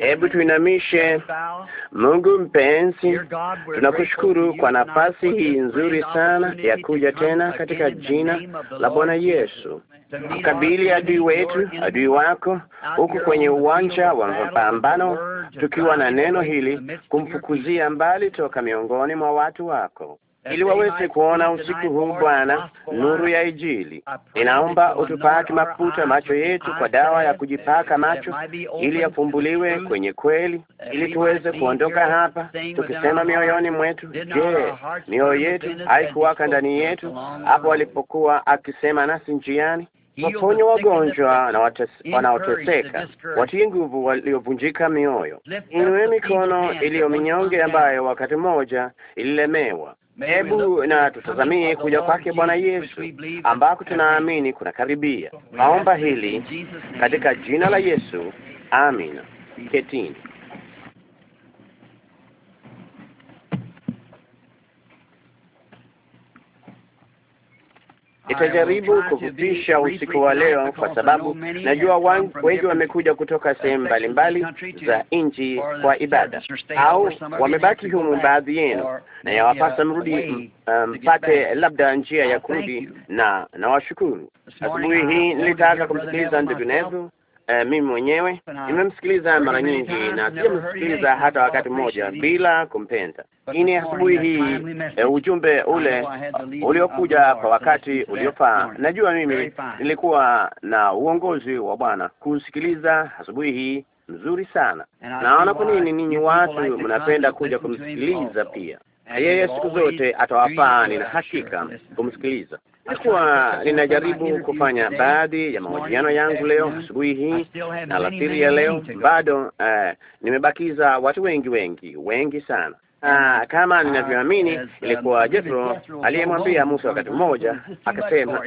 Hebu tuinamishe. Mungu mpenzi, tunakushukuru kwa nafasi hii nzuri sana ya kuja tena katika jina la Bwana Yesu kukabili adui wetu, adui wako, huku kwenye uwanja wa mapambano, tukiwa na neno hili kumfukuzia mbali toka miongoni mwa watu wako ili waweze kuona usiku huu, Bwana, nuru ya Injili. Ninaomba utupake mafuta macho yetu kwa dawa ya kujipaka macho, ili yafumbuliwe kwenye kweli, ili tuweze kuondoka hapa tukisema mioyoni mwetu, je, mioyo yetu haikuwaka ndani yetu hapo alipokuwa akisema nasi njiani? Waponya wagonjwa na wanaoteseka, watie nguvu waliovunjika mioyo. Inuwe mikono iliyo minyonge, ambayo wakati mmoja ililemewa Hebu na tutazamie kuja kwake Bwana Yesu ambako tunaamini kuna karibia Naomba hili katika jina la Yesu, amina. Ketini. Nitajaribu kufupisha usiku wa leo, kwa sababu najua wengi wamekuja kutoka sehemu mbalimbali za nchi kwa ibada, au wamebaki humu baadhi yenu, na uh, yawapasa mrudi mpate um, labda njia ya oh, kurudi, na nawashukuru. Asubuhi hii nilitaka kumsikiliza ndugu Nezu Uh, mimi mwenyewe nimemsikiliza mara nyingi na sijamsikiliza hata wakati mmoja bila kumpenda. Ini asubuhi hii uh, ujumbe ule uliokuja kwa wakati uliofaa. Najua mimi nilikuwa na uongozi wa Bwana kusikiliza asubuhi hii mzuri sana. Naona kwa nini ninyi watu mnapenda kuja kumsikiliza pia yeye siku zote atawafaa. Nina hakika kumsikiliza. Nilikuwa ninajaribu kufanya baadhi ya mahojiano yangu leo asubuhi hii na alasiri ya leo, bado uh, nimebakiza watu wengi wengi wengi sana. Ah, kama ninavyoamini um, ilikuwa Jethro aliyemwambia Musa wakati mmoja akasema,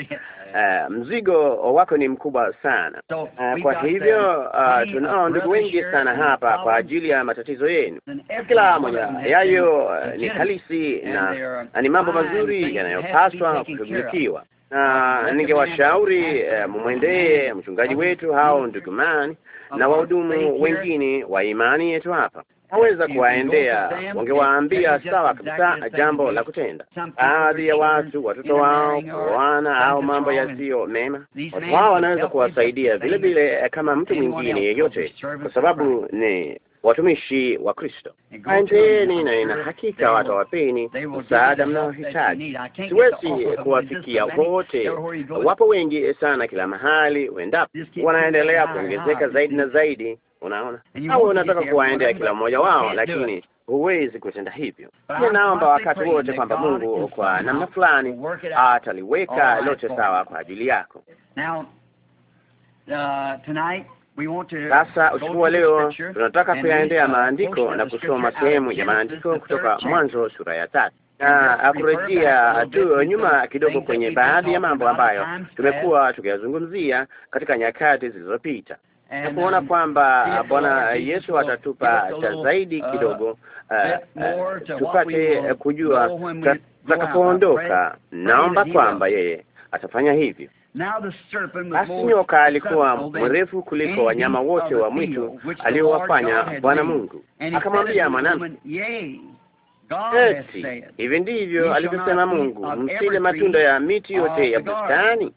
Uh, mzigo wako ni mkubwa sana. Uh, kwa hivyo uh, tunao ndugu wengi sana hapa kwa ajili ya matatizo yenu. Kila moja yayo eh, ni halisi na ni mambo mazuri yanayopaswa kushughulikiwa, na ningewashauri mumwendee mchungaji wetu hao ndugu mani na wahudumu wengine wa imani yetu hapa kuweza kuwaendea, wangewaambia sawa kabisa jambo la kutenda. Baadhi ya watu, watoto wao kuoana au mambo yasiyo mema, watu wao wanaweza kuwasaidia vile vile eh, kama mtu mwingine yeyote, kwa sababu ni watumishi wa Kristo, endeni na ina hakika watawapeni msaada mnaohitaji. Siwezi kuwafikia wote, wapo wengi sana kila mahali, uendapo wanaendelea kuongezeka zaidi na zaidi. Unaona, au unataka kuwaendea kila mmoja wao, lakini huwezi kutenda hivyo. Ninaomba wakati wote kwamba Mungu kwa namna fulani ataliweka lote sawa kwa ajili yako. Now, uh, tonight sasa usiku wa leo tunataka kuyaendea uh, maandiko na kusoma sehemu ya maandiko kutoka Mwanzo sura ya tatu uh, na kurejea tu nyuma kidogo kwenye baadhi ya mambo ambayo tumekuwa tukiyazungumzia katika nyakati zilizopita na kuona um, kwamba Bwana Yesu atatupa cha zaidi uh, kidogo, uh, tupate kujua tutakapoondoka. Naomba kwamba yeye atafanya hivyo. Basi nyoka alikuwa mrefu kuliko wanyama wote wa mwitu aliowafanya Bwana Mungu. Akamwambia mwanamke, eti hivi ndivyo alivyosema Mungu, msile matunda ya miti yote ya bustani?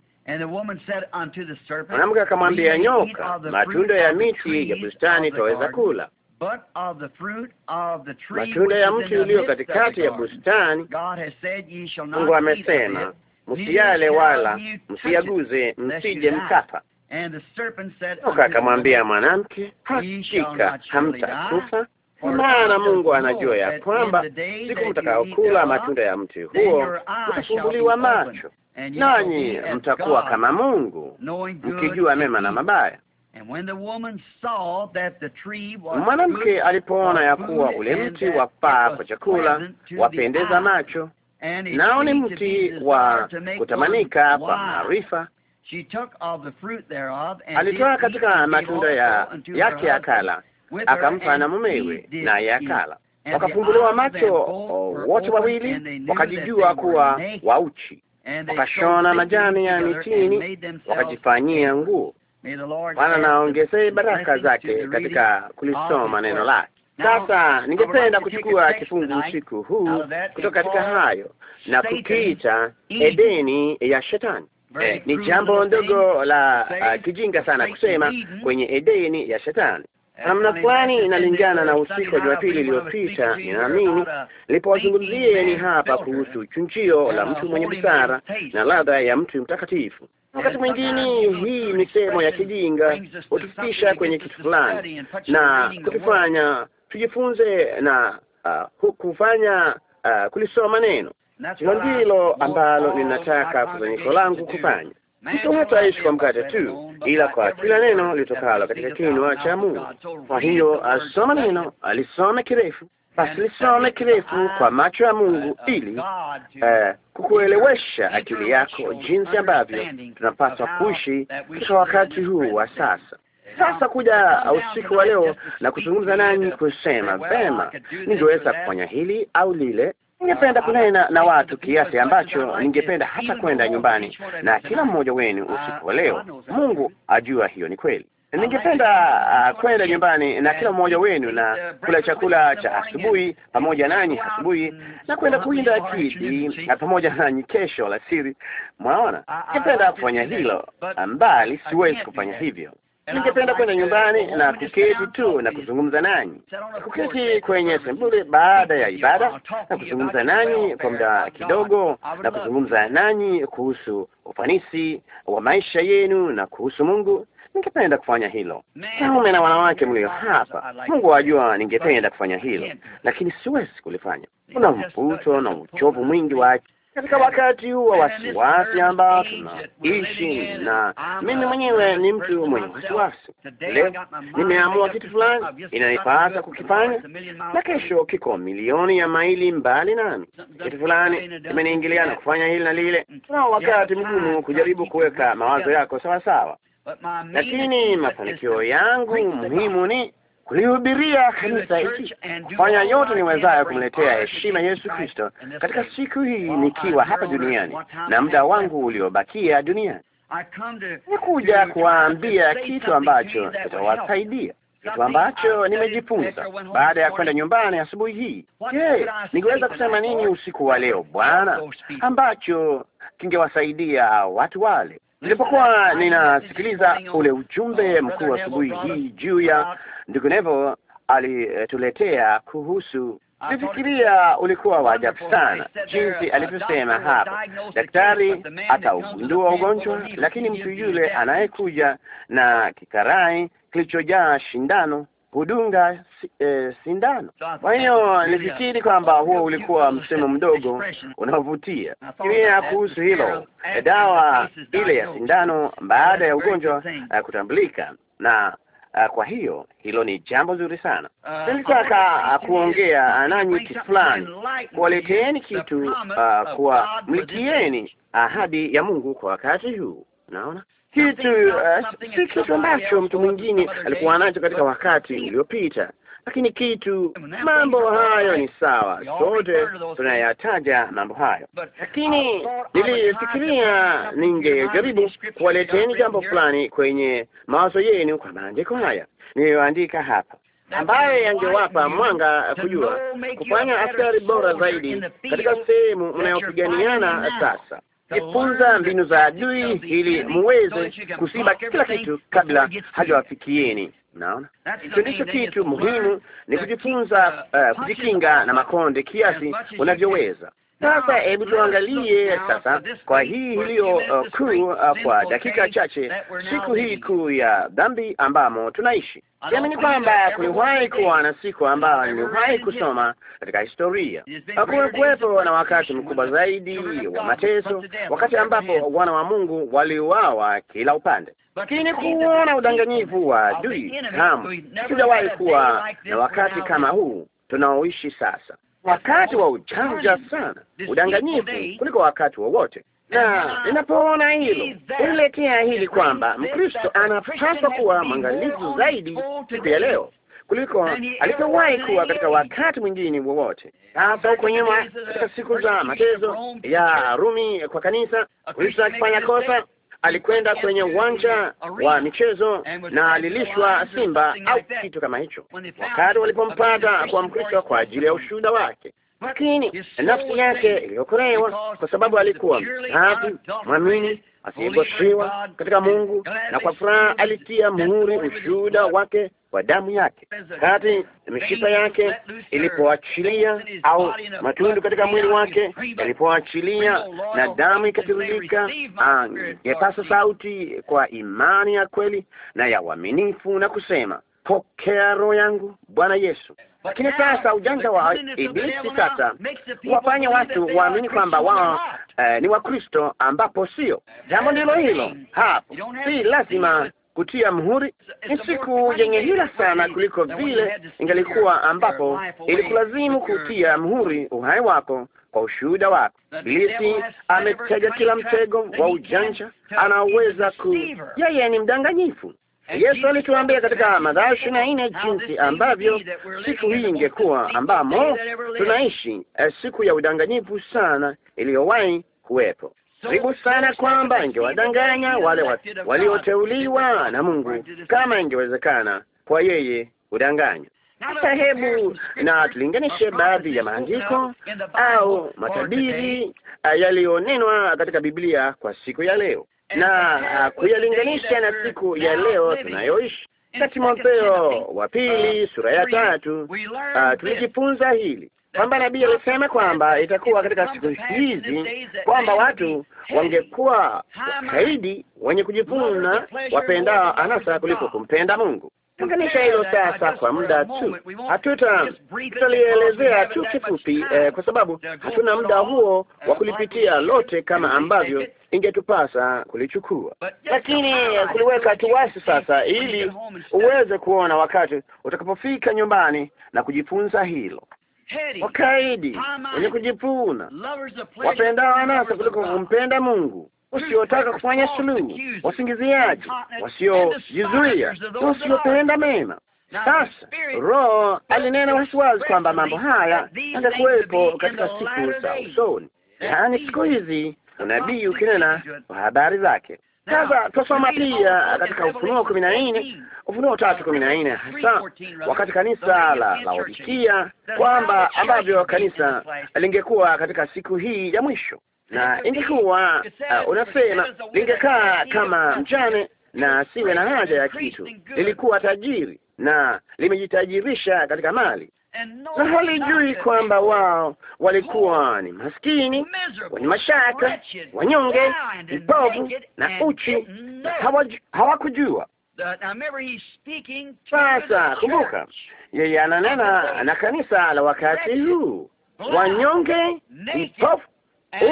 Mwanamke akamwambia nyoka, matunda ya miti ya bustani taweza kula matunda ya mti ulio katikati ya bustani Mungu amesema msiyale wala msiyaguze, msije mkapa. Toka akamwambia mwanamke, hakika hamtakufa, maana Mungu anajua ya kwamba siku mtakaokula matunda ya mti huo mtafumbuliwa macho, nanyi mtakuwa kama Mungu, mkijua mema na mabaya. Mwanamke alipoona ya kuwa ule mti wafaa kwa chakula, wapendeza macho nao ni mti wa kutamanika kwa maarifa. Alitoa katika matunda ya yake akala, akampa na mumewe, naye akala. Wakafunguliwa macho wote wawili, wakajijua kuwa wauchi, wakashona majani ya mitini, wakajifanyia nguo. Bwana naongezee baraka zake katika kulisoma neno lake. Sasa ningependa kuchukua kifungu usiku huu kutoka katika hayo na kukiita eh, uh, Edeni ya Shetani. Eh, ni jambo ndogo la uh, kijinga sana kusema kwenye Edeni ya Shetani namna fulani inalingana na usiku wa Jumapili iliyopita, ninaamini nilipowazungumzieni hapa kuhusu chunjio la mtu mwenye busara na ladha ya mtu mtakatifu. Wakati mwingine hii misemo ya kijinga hutufikisha kwenye kitu fulani na kutufanya tujifunze na uh, kufanya uh, kulisoma neno. Hilo ndilo ambalo ninataka kusanyiko langu kufanya. Mtu hataishi kwa mkate tu, ila kwa kila neno litokalo katika kinywa cha Mungu. Kwa hiyo asoma neno, alisome kirefu, basi lisome kirefu kwa macho ya Mungu, ili uh, kukuelewesha akili yako jinsi ambavyo tunapaswa kuishi katika wakati huu wa sasa sasa kuja usiku wa leo na kuzungumza nanyi, kusema vema, ningeweza kufanya hili au lile. Ningependa kunena na watu kiasi ambacho ningependa hata kwenda nyumbani na kila mmoja wenu usiku wa leo. Mungu ajua hiyo ni kweli. Ningependa uh, kwenda nyumbani na kila mmoja wenu na kula chakula cha asubuhi pamoja nanyi asubuhi na kwenda kuinda kidi na pamoja nanyi kesho alasiri. Mwaona, ningependa kufanya hilo, mbali siwezi kufanya hivyo ningependa kwenda nyumbani na kuketi tu na kuzungumza nanyi, kuketi kwenye sembule baada ya ibada na kuzungumza nanyi kwa muda kidogo, na kuzungumza nanyi kuhusu ufanisi wa maisha yenu na kuhusu Mungu. Ningependa kufanya hilo, wanaume na wanawake mlio hapa. Mungu ajua, ningependa kufanya hilo, lakini siwezi kulifanya. Kuna mvuto na uchovu mwingi wake katika wakati huu wa wasiwasi ambao tunaishi, na mimi mwenyewe ni mtu mwenye wasiwasi. Leo nimeamua kitu fulani inanipasa kukifanya, na kesho kiko milioni ya maili mbali nami. Kitu fulani imeniingilia na kufanya hili na lile. Tunao mm. wakati mgumu kujaribu kuweka mawazo yako sawasawa, lakini mafanikio yangu muhimu ni kulihubiria kanisa hiki, kufanya yote niwezayo kumletea heshima Yesu Kristo katika siku hii nikiwa hapa duniani na muda wangu uliobakia duniani. Nikuja kuwaambia kitu ambacho kitawasaidia, kitu ambacho nimejifunza baada ya kwenda nyumbani asubuhi hii. Je, ningeweza kusema nini usiku wa leo Bwana ambacho kingewasaidia watu wale? Nilipokuwa ninasikiliza ule ujumbe mkuu asubuhi hii juu ya ndugu Nevo alituletea kuhusu, nifikiria ulikuwa wa ajabu sana, jinsi alivyosema hapa daktari ataugundua ugonjwa, lakini mtu yule anayekuja na kikarai kilichojaa shindano kudunga eh, sindano. Kwa hiyo nilifikiri kwamba huo ulikuwa msemo mdogo unaovutia. Fikiria kuhusu hilo, dawa ile ya sindano baada ya ugonjwa uh, kutambulika na uh, kwa hiyo hilo ni jambo zuri sana. Uh, Nilitaka uh, kuongea eh, nanyi kitu fulani, kuwaleteeni kitu uh, kuwamlikieni ahadi ya Mungu kwa wakati huu. Naona kitu uh, kitu ambacho mtu mwingine alikuwa nacho katika wakati uliopita, lakini kitu. Mambo hayo ni sawa, sote tunayataja mambo hayo, lakini nilifikiria ningejaribu kuwaleteni jambo fulani kwenye mawazo yenu kwa maandiko haya niliyoandika hapa ambaye yangewapa mwanga kujua kufanya askari bora zaidi katika sehemu mnayopiganiana sasa jifunza mbinu za adui ili muweze kusiba kila kitu kabla hajawafikieni. Naona hicho ndicho kitu muhimu, ni kujifunza uh, kujikinga na makonde kiasi unavyoweza. Sasa ah, hebu tuangalie sasa kwa hii iliyo uh, kuu uh, kwa dakika chache, siku hii kuu ya dhambi ambamo tunaishi. Siamini kwamba kuliwahi kuwa na siku ambayo niliwahi kusoma katika historia. Hakuna kuwepo na wakati mkubwa zaidi wa mateso, wakati ambapo wana wa Mungu waliuawa kila upande, lakini kuona udanganyivu wa adui, kamwe sijawahi kuwa na wakati kama huu tunaoishi sasa wakati wa ujanja sana, udanganyifu kuliko wakati wowote wa na ninapoona hilo uniletea hili kwamba Mkristo anapaswa kuwa mwangalifu zaidi siku ya leo kuliko alivyowahi kuwa katika wakati mwingine wowote. Sasa huko nyuma, katika siku za matezo ya Rumi kwa kanisa, Kristo akifanya kosa, alikwenda kwenye uwanja wa michezo na alilishwa simba au kitu kama hicho, wakati walipompata kwa Mkristo kwa ajili ya ushuhuda wake. Lakini nafsi yake iliyokolewa kwa sababu alikuwa msafi, mwamini, asiyegoshiwa katika Mungu, na kwa furaha alitia muhuri ushuhuda wake kwa damu yake. Kati mishipa yake ilipoachilia au matundu katika mwili wake yalipoachilia na damu ikatiririka, ah, yapasa sauti kwa imani ya kweli na ya uaminifu na kusema, pokea roho yangu Bwana Yesu. Lakini sasa ujanja wa Ibilisi sasa wafanya watu waamini kwamba wao eh, ni Wakristo ambapo sio. Jambo ndilo hilo hapo, si lazima kutia mhuri. Ni siku yenye hila sana kuliko vile ingelikuwa ambapo ilikulazimu kutia mhuri uhai wako kwa ushuhuda wako. Ibilisi ametega kila mtego wa ujanja anaweza ku, yeye ni mdanganyifu. Yesu alituambia katika Mathayo ishirini na nne jinsi ambavyo siku hii ingekuwa ambamo tunaishi, eh, siku ya udanganyifu sana iliyowahi kuwepo karibu sana kwamba ingewadanganya wale walioteuliwa na Mungu kama ingewezekana kwa yeye kudanganya. Sasa hebu na tulinganishe baadhi ya maandiko au matabiri ah, yaliyonenwa katika Biblia kwa siku ya leo na ah, kuyalinganisha na siku ya leo tunayoishi. Katika Timotheo wa pili sura ya tatu ah, tulijifunza hili kwamba nabii alisema kwamba itakuwa katika siku hizi kwamba watu wangekuwa zaidi wenye kujivuna wapendao anasa kuliko kumpenda Mungu. Unganisha hilo sasa kwa muda tu, hatuta tutalielezea tu kifupi eh, kwa sababu hatuna muda huo wa kulipitia lote kama ambavyo ingetupasa kulichukua, lakini kuliweka tu sasa, ili uweze kuona wakati utakapofika nyumbani na kujifunza hilo wakaidi, wenye kujipuna, wapendao anasa kuliko kumpenda Mungu, wasiotaka kufanya suluhu, wasingiziaji, wasiojizuia, wasiopenda mema. Sasa Roho alinena wasiwazi kwamba mambo haya yatakuwepo katika siku za usoni, yaani siku hizi unabii ukinena kwa habari zake sasa twasoma pia katika Ufunuo kumi na nne Ufunuo tatu kumi na nne hasa wakati kanisa la Laodikia, kwamba ambavyo kanisa lingekuwa katika siku hii ya mwisho, na ingekuwa uh, unasema lingekaa kama mjane na asiwe na haja ya kitu, lilikuwa tajiri na limejitajirisha katika mali na halijui kwamba wao walikuwa ni maskini, wenye mashaka, wanyonge, vipofu na uchi, hawakujua. Sasa kumbuka, yeye ananena na kanisa la wakati huu, wanyonge, vipofu,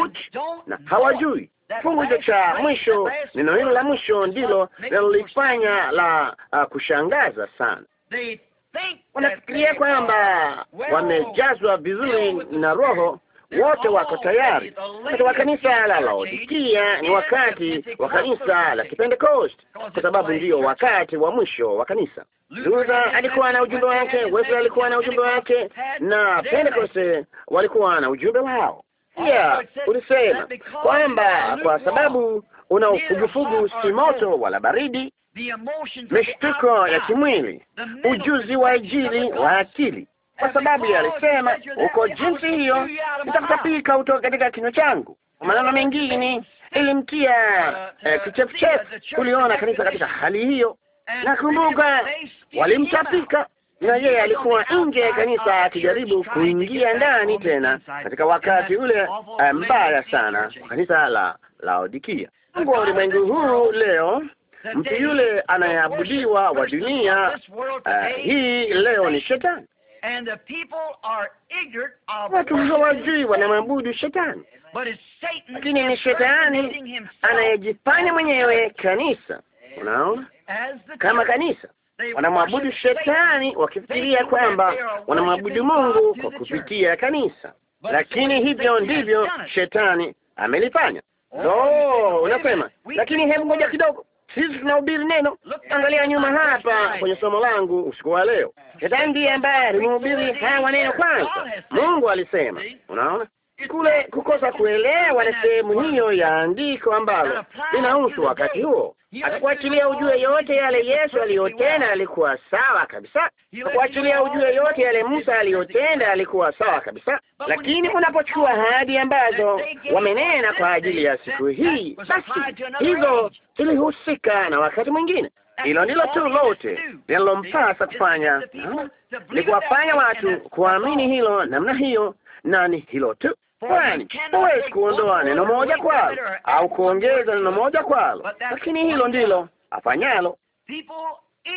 uchi na hawajui. Kifungu hicho cha mwisho, neno hilo la mwisho ndilo linalolifanya la uh, kushangaza sana wanafikiria kwamba wamejazwa vizuri na Roho, wote wako tayari. Wakati wa kanisa la Laodikia ni wakati wa kanisa la Kipentekost, kwa sababu ndio wakati wa mwisho wa kanisa. Luther alikuwa na ujumbe wake, Wesley alikuwa na ujumbe wake, na Pentekost walikuwa na ujumbe wao. Pia ulisema kwamba kwa sababu una ufugufugu, si moto wala baridi mishtuko ya kimwili, ujuzi wa ajili wa akili, kwa sababu alisema uko jinsi hiyo, nitakutapika utoka katika kinywa changu. Kwa maneno mengine, ilimtia uh, eh, kichefuchefu. kuliona kanisa katika hali hiyo. Nakumbuka walimtapika na yeye alikuwa nje ya kanisa akijaribu kuingia ndani tena, katika wakati ule eh, mbaya sana, kanisa la Laodikia. Mungu wa ulimwengu huu leo mtu yule anayeabudiwa wa dunia uh, hii leo ni shetani. Watu hawajui wanamwabudu shetani, lakini ni shetani anayejifanya mwenyewe kanisa. Unaona, kama kanisa wanamwabudu shetani wakifikiria kwamba wanamwabudu Mungu kwa kupitia kanisa, lakini hivyo ndivyo shetani amelifanya. no, unasema lakini, hebu ngoja kidogo sisi tunahubiri neno. Angalia nyuma hapa kwenye somo langu usiku wa leo, Shetani ndiye ambaye alimhubiri haya neno kwanza. Mungu alisema, unaona kule kukosa kuelewa na sehemu hiyo ya andiko ambalo linahusu wakati huo Atakuachilia ujue yote yale Yesu aliyotenda, alikuwa sawa kabisa. Atakuachilia ujue yote yale Musa aliyotenda, alikuwa sawa kabisa. Lakini unapochukua ahadi ambazo wamenena kwa ajili ya siku hii, basi hizo zilihusika na wakati mwingine. Hilo ndilo tu lote linalompasa kufanya, ni kuwafanya watu kuamini hilo namna hiyo, na ni hilo tu kwani huwezi kuondoa neno moja kwalo au kuongeza neno moja kwalo, lakini hilo ndilo afanyalo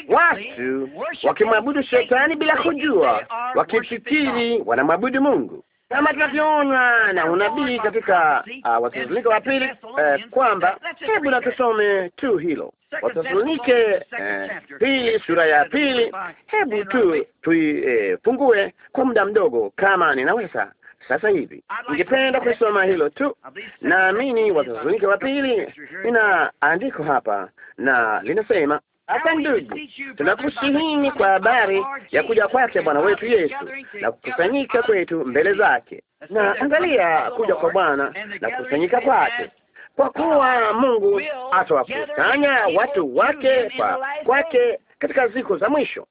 watu wakimwabudu shetani bila kujua, wakifikiri wanamwabudu Mungu, kama tunavyoona na unabii katika uh, Wathesalonike wa pili uh, kwamba hebu na tusome tu hilo Wathesalonike uh, pili sura ya pili, hebu tu tuifungue uh, kwa muda mdogo kama ninaweza sasa hivi. Ningependa kusoma hilo tu. Naamini Wathesalonike wa pili, ina andiko hapa na linasema hapa ndugu, tunakusihini kwa habari ya kuja kwake Bwana wetu Yesu na kukusanyika kwetu mbele zake. Na angalia kuja kwa Bwana na kukusanyika kwake, kwa kuwa Mungu atawakusanya watu wake kwa kwake katika siku za mwisho.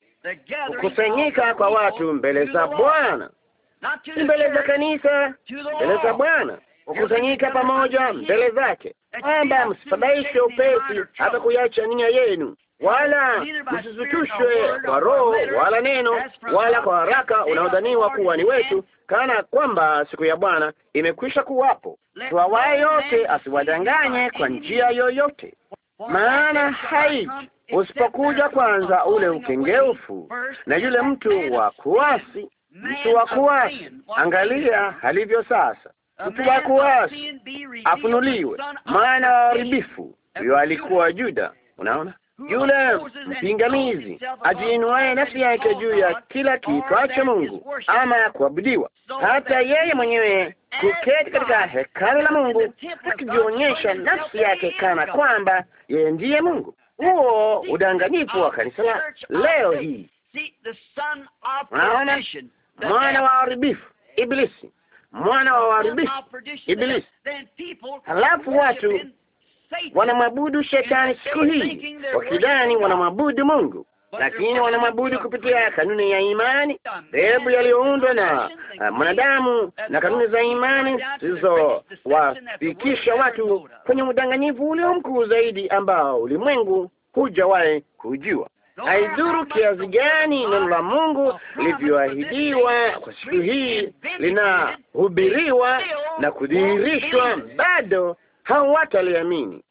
Kukusanyika kwa watu mbele za Bwana mbele za kanisa, mbele za Bwana, kukusanyika pamoja mbele zake, kwamba msifadhaishe upesi hata kuiacha nia yenu, wala msizutushwe kwa roho wala neno wala kwa haraka unaodhaniwa kuwa ni wetu, kana kwamba siku ya Bwana imekwisha kuwapo. Tuawaye yote asiwadanganye kwa njia yoyote, maana haiji usipokuja kwanza ule ukengeufu na yule mtu wa kuasi mtu wa kuasi. Angalia alivyo sasa, mtu wa kuasi afunuliwe, maana waharibifu. Huyo alikuwa Juda, unaona yule mpingamizi ajiinuaye nafsi yake juu ya kila kiitwacho Mungu ama kuabudiwa, hata yeye mwenyewe kuketi katika hekalu la Mungu akijionyesha nafsi yake kana kwamba yeye ndiye Mungu. Huo udanganyifu wa kanisa la leo hii, unaona mwana wa uharibifu Ibilisi, mwana wa uharibifu Ibilisi. Halafu watu wanamwabudu shetani siku hii wakidhani wanamwabudu Mungu, lakini wanamwabudu kupitia kanuni ya imani, dhehebu yaliyoundwa na uh, mwanadamu na kanuni za imani zilizowafikisha watu kwenye udanganyifu ulio mkuu zaidi ambao ulimwengu hujawahi kujua haidhuru kiasi gani neno la Mungu lilivyoahidiwa kwa siku hii linahubiriwa na kudhihirishwa, bado hawataliamini,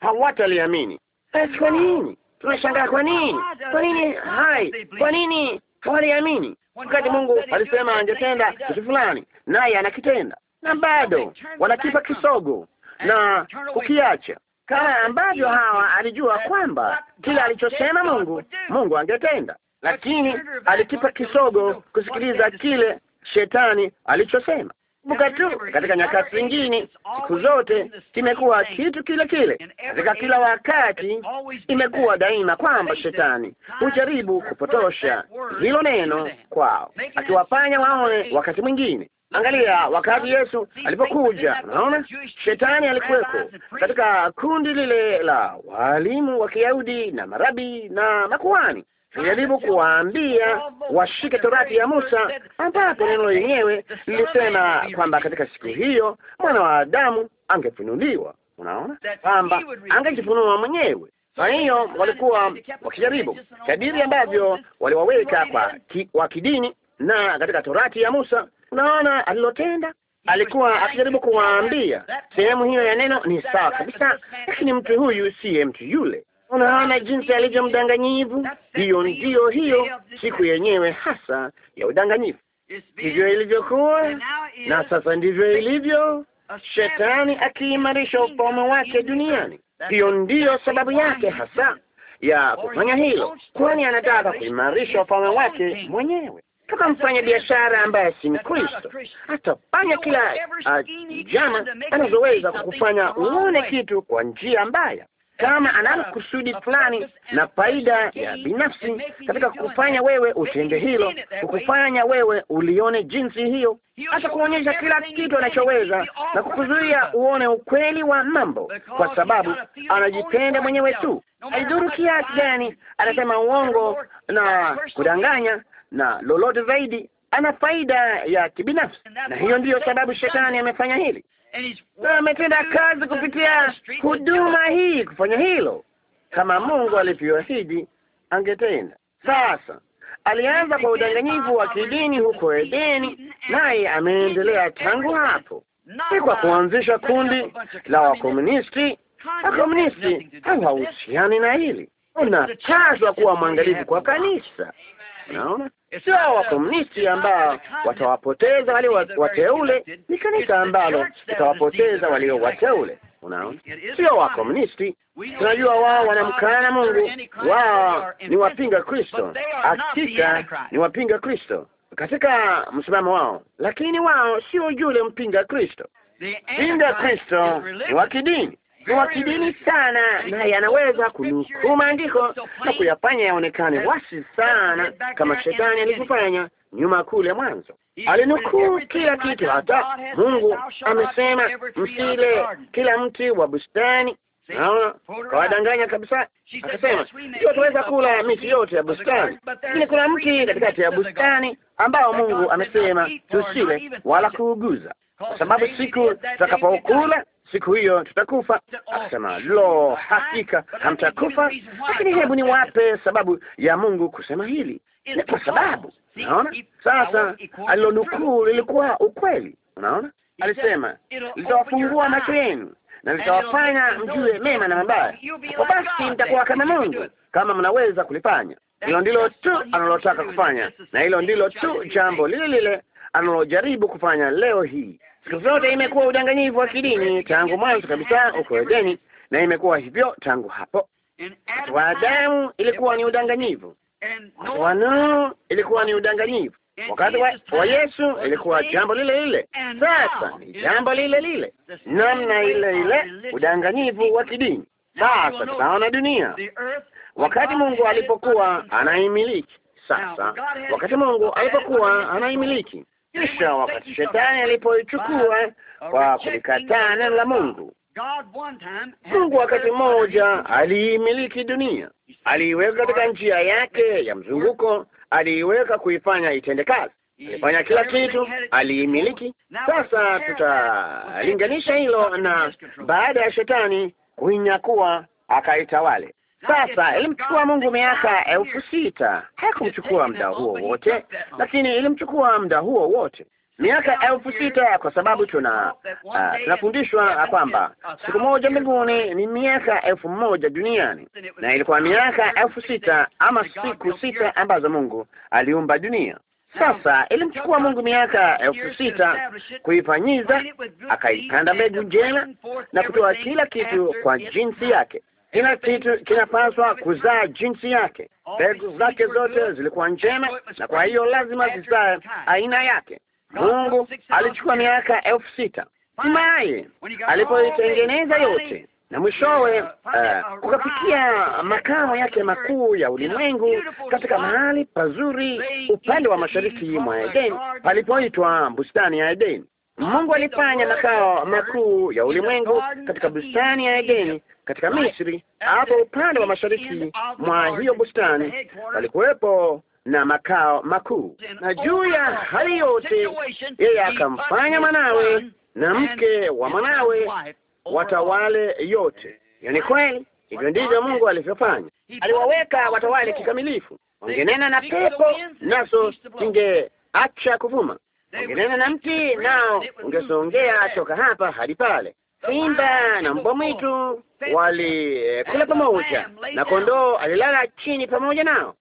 hawataliamini. Basi kwa nini tunashangaa? Kwa nini? Kwa nini hai? Kwa nini hawaliamini? Wakati Mungu alisema angetenda kitu fulani, naye anakitenda, na bado wanakipa kisogo na kukiacha kama ambavyo Hawa alijua kwamba kile alichosema Mungu Mungu angetenda, lakini alikipa kisogo kusikiliza kile shetani alichosema. Kumbuka tu, katika nyakati zingine, siku zote kimekuwa kitu kile kile, katika kila wakati imekuwa daima kwamba shetani hujaribu kupotosha hilo neno kwao, akiwafanya waone wakati mwingine Angalia, wakati Yesu alipokuja, unaona, shetani alikuweko katika kundi lile la walimu wa Kiyahudi na marabi na makuhani, ilijaribu kuwaambia washike torati ya Musa, ambapo neno lenyewe lilisema kwamba katika siku hiyo mwana wa Adamu angefunuliwa. Unaona kwamba angejifunua mwenyewe. Kwa hiyo walikuwa wakijaribu kadiri ambavyo waliwaweka kwa ki, wa kidini na katika torati ya Musa Unaona alilotenda, alikuwa akijaribu kuwaambia sehemu hiyo ya neno ni sawa kabisa, lakini mtu huyu siye mtu yule. Unaona jinsi alivyo mdanganyivu. Hiyo ndiyo hiyo siku yenyewe hasa ya udanganyivu. Ndivyo ilivyokuwa na sasa ndivyo ilivyo, shetani akiimarisha ufalme wake duniani. Hiyo ndiyo sababu yake hasa ya kufanya hilo, kwani anataka kuimarisha ufalme wake mwenyewe kama mfanya biashara ambaye si Mkristo atafanya kila ah, jama anazoweza kukufanya uone kitu kwa njia mbaya, kama analo kusudi fulani na faida ya binafsi katika kufanya wewe utende hilo, kukufanya wewe ulione jinsi hiyo, hata kuonyesha kila kitu anachoweza na kukuzuia uone ukweli wa mambo, kwa sababu anajipenda mwenyewe tu. Haidhuru kiasi gani anasema uongo na kudanganya, na lolote zaidi, ana faida ya kibinafsi, na hiyo ndiyo sababu shetani amefanya hili na ametenda kazi kupitia huduma hii kufanya hilo, kama Mungu alivyoahidi angetenda. Sasa alianza kwa udanganyifu wa kidini huko Edeni, naye ameendelea tangu hapo, si kwa kuanzisha kundi la wakomunisti. Wakomunisti hawahusiani na hili. Unapaswa kuwa mwangalifu kwa kanisa, Naona sio hao wakomunisti ambao watawapoteza wale wateule, ni kanisa ambalo litawapoteza walio wateule. Unaona, sio wakomunisti. Tunajua wao wanamkana Mungu, wao ni wapinga Kristo, hakika ni wapinga Kristo katika msimamo wao, lakini wao sio yule mpinga Kristo. Mpinga Kristo ni wa kidini, ni wa kidini sana, na yanaweza kunukuu maandiko na kuyafanya yaonekane washi sana, kama shetani alivyofanya nyuma kule mwanzo. Alinukuu kila kitu, hata Mungu amesema msile kila mti wa bustani. Naona kawadanganya kabisa. Akasema sio tuweza kula miti yote ya bustani, lakini kuna mti katikati ya bustani ambao Mungu amesema tusile wala kuuguza, kwa sababu siku takapokula siku hiyo tutakufa. Oh, Akasema, lo, hakika hamtakufa, lakini hebu niwape sababu ya Mungu kusema hili. Ni kwa sababu unaona, e- sasa alilonukuu lilikuwa ukweli. Unaona, alisema litawafungua macho yenu na litawafanya mjue mema na mabaya, kwa basi mtakuwa kama Mungu kama mnaweza kulifanya hilo. Ndilo tu analotaka kufanya, na hilo ndilo tu jambo lile lile analojaribu kufanya leo hii siku zote imekuwa udanganyifu wa kidini tangu mwanzo kabisa uko Edeni, na imekuwa hivyo tangu hapo. Kwa Adamu ilikuwa ni udanganyifu, kwa Nuhu ilikuwa ni udanganyifu, wakati wa Yesu ilikuwa jambo lile lile, sasa ni jambo lile lile, namna ile ile, udanganyifu wa kidini. Sasa tunaona dunia wakati Mungu alipokuwa anaimiliki sasa, wakati Mungu alipokuwa anaimiliki kisha wakati shetani alipoichukua kwa kulikataa neno la Mungu, Mungu wakati mmoja aliimiliki dunia, aliiweka katika njia yake ya mzunguko, aliiweka kuifanya itende kazi, alifanya kila kitu, aliimiliki. Sasa tutalinganisha hilo na baada ya shetani kuinyakua akaitawale sasa ilimchukua Mungu miaka elfu sita. Hakumchukua muda huo wote, lakini ilimchukua muda huo wote, miaka elfu sita, kwa sababu tuna ah, uh, tunafundishwa kwamba siku moja mbinguni ni miaka elfu moja duniani, na ilikuwa miaka elfu sita ama siku sita ambazo Mungu aliumba dunia. Sasa ilimchukua Mungu miaka elfu sita kuifanyiza, akaipanda mbegu njema na kutoa kila kitu kwa jinsi yake kila kitu kinapaswa kuzaa jinsi yake. Mbegu zake zote zilikuwa njema, na kwa hiyo lazima zizae aina yake. Mungu alichukua miaka elfu sita hatimaye alipoitengeneza yote na mwishowe uh, uh ukafikia makao yake makuu ya ulimwengu katika mahali pazuri upande wa mashariki mwa Edeni palipoitwa bustani ya Edeni. Mungu alifanya makao makuu ya ulimwengu katika bustani ya Edeni katika Misri. Hapo upande wa mashariki mwa hiyo bustani palikuwepo na makao makuu, na juu ya hali yote yeye akamfanya mwanawe na mke wa mwanawe watawale yote. yani kweli, hivyo ndivyo Mungu alivyofanya. Aliwaweka watawale kikamilifu. Wangenena na pepo, nazo zingeacha kuvuma ungenena na mti nao ungesongea toka hapa hadi pale. Simba na mbwa mwitu walikula eh, pamoja, na kondoo alilala chini pamoja nao.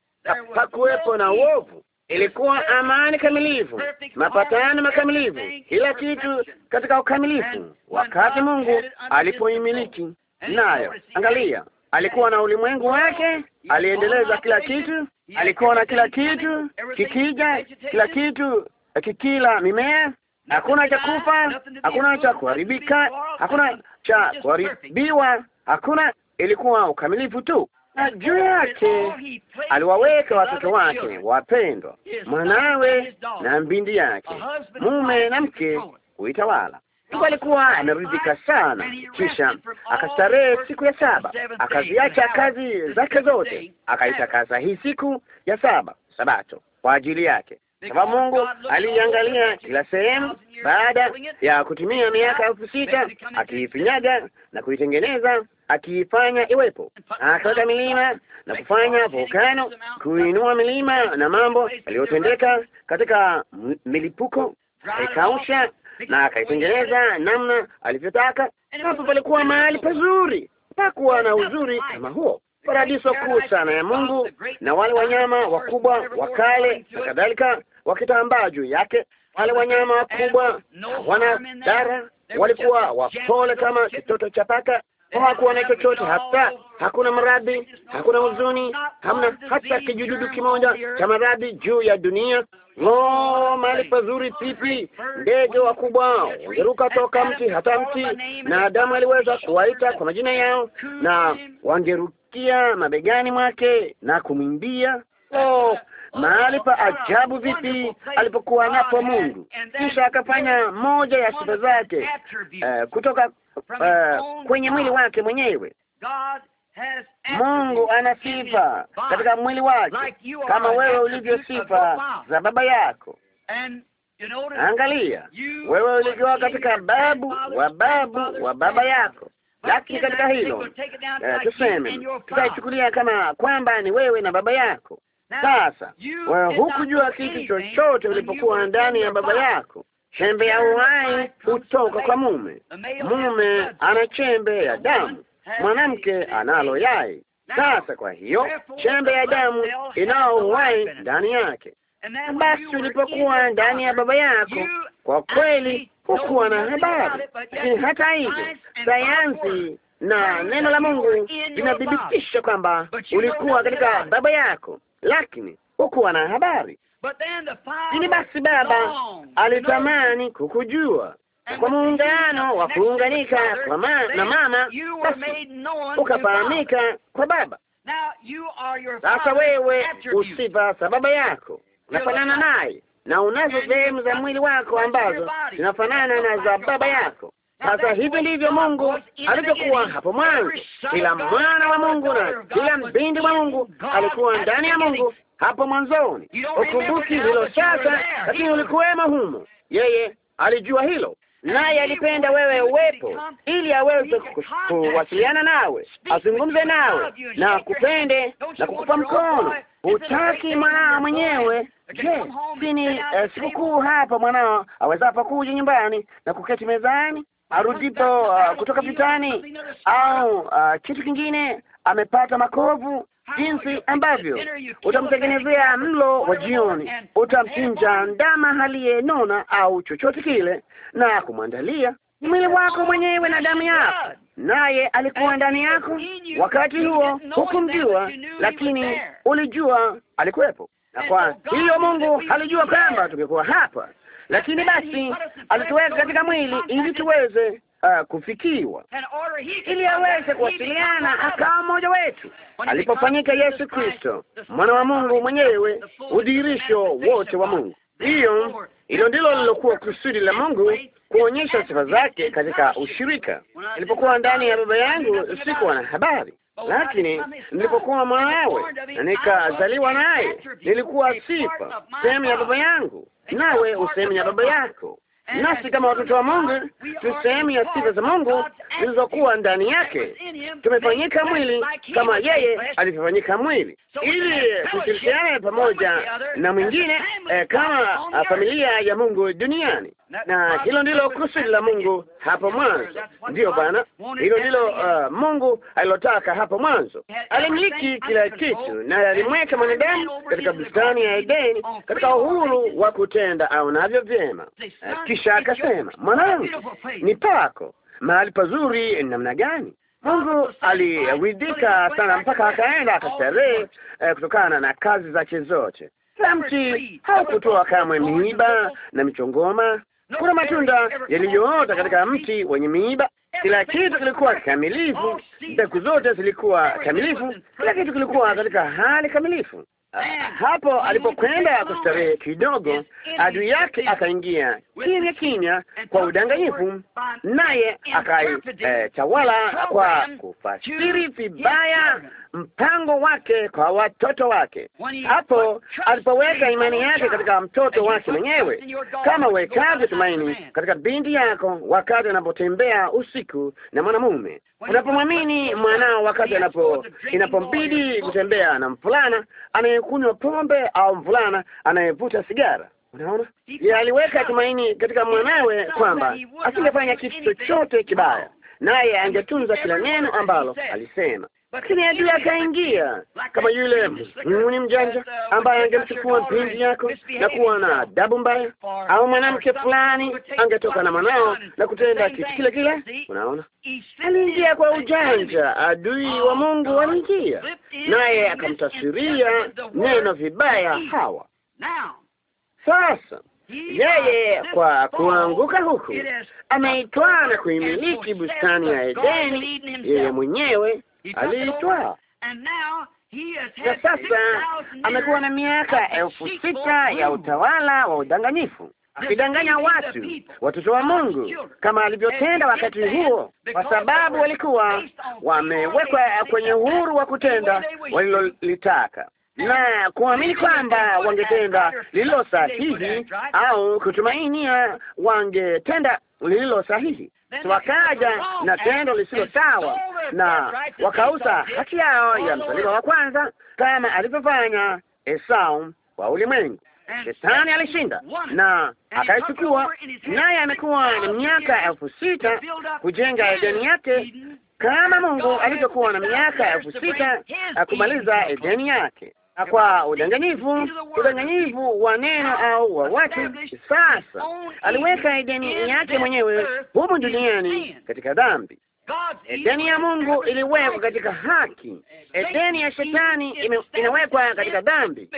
Hakuwepo na uovu, ilikuwa amani kamilifu, mapatano makamilifu, kila kitu katika ukamilifu, wakati Mungu alipoimiliki nayo. Angalia, alikuwa na ulimwengu wake, aliendeleza kila kitu, alikuwa na kila kitu kikija, kila kitu kikila mimea, hakuna cha kufa, hakuna cha kuharibika, hakuna cha kuharibiwa, hakuna. Ilikuwa ukamilifu tu, na juu yake aliwaweka watoto wake wapendwa, mwanawe na mbindi yake, mume na mke kuitawala Mungu alikuwa ameridhika sana. Kisha akastarehe siku ya saba, akaziacha kazi zake zote, akaitakasa hii siku ya saba, Sabato, kwa ajili yake. Kama Mungu aliangalia kila sehemu baada ya kutumia miaka elfu sita akiifinyaga na kuitengeneza, akiifanya iwepo, akaweka milima na kufanya volkano, kuinua milima na mambo yaliyotendeka katika milipuko, akaikausha na akaitengeneza namna alivyotaka. Hapo palikuwa mahali pazuri, pakuwa na uzuri kama huo paradiso kuu sana ya Mungu na wale wanyama wakubwa wa kale na kadhalika, wakitambaa juu yake. Wale wanyama wakubwa wana dara walikuwa wapole kama kitoto cha paka. Hakuwa na chochote hata hakuna maradhi, hakuna huzuni, hamna hata kijududu kimoja cha maradhi juu ya dunia. No, mahali pazuri pipi. Ndege wakubwa wangeruka toka mti hata mti, na Adamu aliweza kuwaita kwa majina yao, na wangerukia mabegani mwake na kumwimbia. Oh, mahali pa ajabu vipi alipokuwa napo Mungu, kisha akafanya moja ya sifa zake uh, kutoka uh, kwenye mwili wake mwenyewe. Mungu ana sifa katika mwili wake kama wewe ulivyo sifa za baba yako. Angalia wewe ulivyo katika babu wa babu wa baba yako. Lakini katika hilo eh, tuseme, tutaichukulia kama kwamba ni wewe na baba yako sasa wewe hukujua kitu chochote ulipokuwa ndani ya baba yako. Chembe ya uhai hutoka kwa mume, mume ana chembe ya damu, mwanamke analo yai. Sasa kwa hiyo chembe ya damu inao uhai ndani yake. Basi ulipokuwa ndani ya baba yako, kwa kweli hukuwa na habari, lakini hata hivyo sayansi na neno la Mungu vinathibitisha kwamba ulikuwa katika baba yako lakini huku wana habari lakini Basi Baba alitamani kukujua kwa muungano wa kuunganika kwa ma na mama, basi ukafahamika kwa Baba. Sasa wewe usifa za baba yako unafanana naye, na unazo sehemu za mwili wako ambazo zinafanana na za baba yako sasa hivi ndivyo Mungu alivyokuwa hapo mwanzo. Kila mwana wa Mungu na kila mbindi wa Mungu alikuwa ndani ya Mungu hapo mwanzoni. Ukumbuki hilo sasa, lakini ulikuwemo humo. Yeye alijua hilo, naye alipenda wewe uwepo, ili aweze kuwasiliana nawe, azungumze nawe na kupende na kukupa oh mkono. Hutaki mwanao mwenyewe? Je, sini eh, sikukuu hapa mwanao aweza hapa kuja nyumbani na kuketi mezani arudipo uh, kutoka vitani au uh, kitu kingine, amepata makovu, jinsi ambavyo utamtengenezea mlo wa jioni, utamchinja ndama nona au chochote kile na kumwandalia mwili wako mwenyewe na damu yako, naye alikuwa ndani yako wakati huo, hukumjua, lakini ulijua alikuwepo. Na kwa hiyo Mungu alijua kwamba tungekuwa hapa lakini basi alituweka katika mwili ili tuweze Uh, kufikiwa ili aweze kuwasiliana akawa mmoja wetu. Alipofanyika Yesu Kristo mwana wa Mungu mwenyewe, udhihirisho wote wa Mungu. Hiyo hilo ndilo lilokuwa kusudi la Mungu, kuonyesha sifa zake katika ushirika. Nilipokuwa ndani ya baba yangu sikuwa na habari, lakini nilipokuwa mwanawe na nikazaliwa naye, nilikuwa sifa, sehemu ya baba yangu, nawe usehemu ya baba yako. Nasi kama watoto wa Mungu tu sehemu ya sifa za Mungu zilizokuwa ndani yake, tumefanyika mwili kama yeye alivyofanyika mwili, ili tushirikiane pamoja na mwingine eh, kama familia ya Mungu duniani, na hilo ndilo kusudi la Mungu hapo mwanzo. Ndiyo Bwana, hilo ndilo uh, Mungu alilotaka hapo mwanzo. Alimiliki kila kitu, naye alimweka mwanadamu katika bustani ya Edeni katika uhuru wa kutenda aonavyo vyema. Uh, kisha akasema, mwanangu, ni pako mahali pazuri namna gani! Mungu aliwidika sana mpaka akaenda akastarehe eh, kutokana na kazi zake zote. Mti haukutoa kamwe miiba na michongoma kuna matunda yaliyoota katika mti wenye miiba. Kila kitu kilikuwa kamilifu, mbegu zote zilikuwa kamilifu, kila kitu kilikuwa katika hali kamilifu. Ah, hapo alipokwenda kustarehe kidogo, adui yake akaingia kimya kimya kwa udanganyifu, naye akaitawala eh, kwa kufasiri vibaya mpango wake kwa watoto wake, hapo alipoweka imani yake katika mtoto wake mwenyewe, kama wekavyo tumaini katika binti yako wakati anapotembea usiku na mwanamume, unapomwamini mwanao wakati anapo inapombidi kutembea na mvulana anayekunywa pombe au mvulana anayevuta sigara. Unaona, ye aliweka tumaini katika mwanawe kwamba asingefanya kitu chochote kibaya, naye angetunza kila neno ambalo alisema lakini adui akaingia kama yule mhuni mjanja ambaye angemchukua binti yako na kuwa na adabu mbaya, au mwanamke fulani angetoka na mwanao na kutenda kitu kile kile. Unaona, aliingia kwa ujanja, adui wa Mungu aliingia naye akamtasiria neno vibaya Hawa. Sasa yeye kwa kuanguka huku ameitwaa na kuimiliki bustani ya Edeni yeye mwenyewe aliitwaa na sasa amekuwa na miaka elfu sita ya utawala wa udanganyifu akidanganya watu watoto wa Mungu kama alivyotenda wakati huo, kwa sababu walikuwa wamewekwa kwenye uhuru wa kutenda walilolitaka na kuamini kwamba wangetenda lililo sahihi au kutumainia wangetenda lililo sahihi so wakaja na tendo lisilo sawa na wakauza haki yao ya mzaliwa wa kwanza kama alivyofanya Esau wa ulimwengu. Shetani alishinda na akaichukua, naye amekuwa na miaka elfu sita kujenga Edeni yake kama Mungu alivyokuwa na miaka elfu sita akumaliza Edeni yake kwa udanganyifu, udanganyifu wa neno au wa watu. Sasa aliweka edeni yake mwenyewe humu duniani katika dhambi. Edeni ya Mungu iliwekwa katika haki. Edeni ya shetani inawekwa katika dhambi,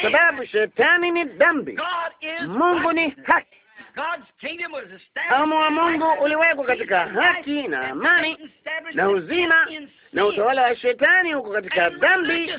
kwa sababu shetani ni dhambi, Mungu ni haki. Ufalme wa Mungu uliwekwa katika haki na amani na uzima, na utawala wa shetani huko katika dhambi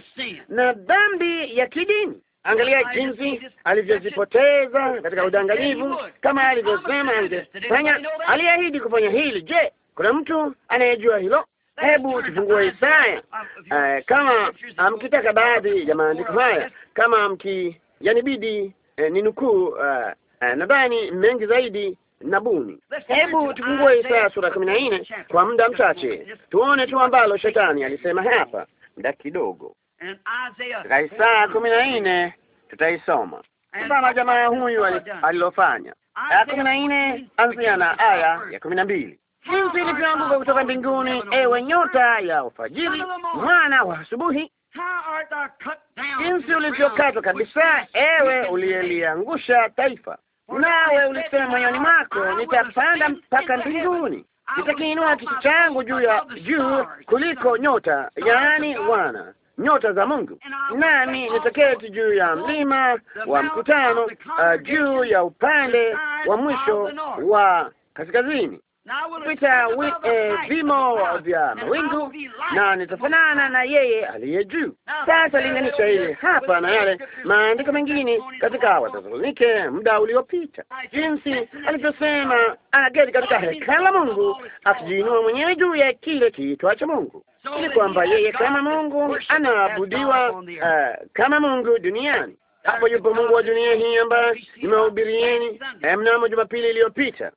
na dhambi ya kidini. Angalia jinsi alivyozipoteza katika udanganyifu, kama alivyosema angefanya, aliahidi kufanya hili. Je, kuna mtu anayejua hilo? Hebu tufungue Isaya uh, kama mkitaka baadhi ya maandiko haya, kama mki yanibidi uh, eh, ni nukuu uh, eh, Eh, nadhani mengi zaidi nabuni. Hebu tufungue Isaya sura kumi na nne kwa muda mchache, tuone tu ambalo shetani alisema hapa. Muda kidogo, katika Isaya kumi na nne tutaisoma sana jamaa huyu alilofanya. Aya kumi na nne anzia na aya ya kumi na mbili jinsi ilivyoanguka kutoka mbinguni, ewe nyota ya ufajiri, mwana wa asubuhi jinsi ulivyokatwa kabisa, ewe uliyeliangusha taifa. Nawe ulisema moyoni mwako, nitapanda mpaka mbinguni, nitakiinua kitu changu juu ya juu kuliko nyota, yaani wana nyota za Mungu, nami nitaketi juu ya mlima wa mkutano, uh, juu ya upande wa mwisho wa kaskazini kupita eh, vimo vya mawingu na nitafanana na yeye aliye juu. Sasa linganisha hili hapa na yale maandiko mengine katika Wathesalonike muda uliopita, jinsi alivyosema anaketi katika hekalu la Mungu akijiinua mwenyewe juu ya kile kiitwacho Mungu, ili kwamba yeye kama Mungu anaabudiwa uh, kama Mungu duniani. Hapo yupo Mungu wa dunia hii ambaye nimehubirieni eh, mnamo Jumapili iliyopita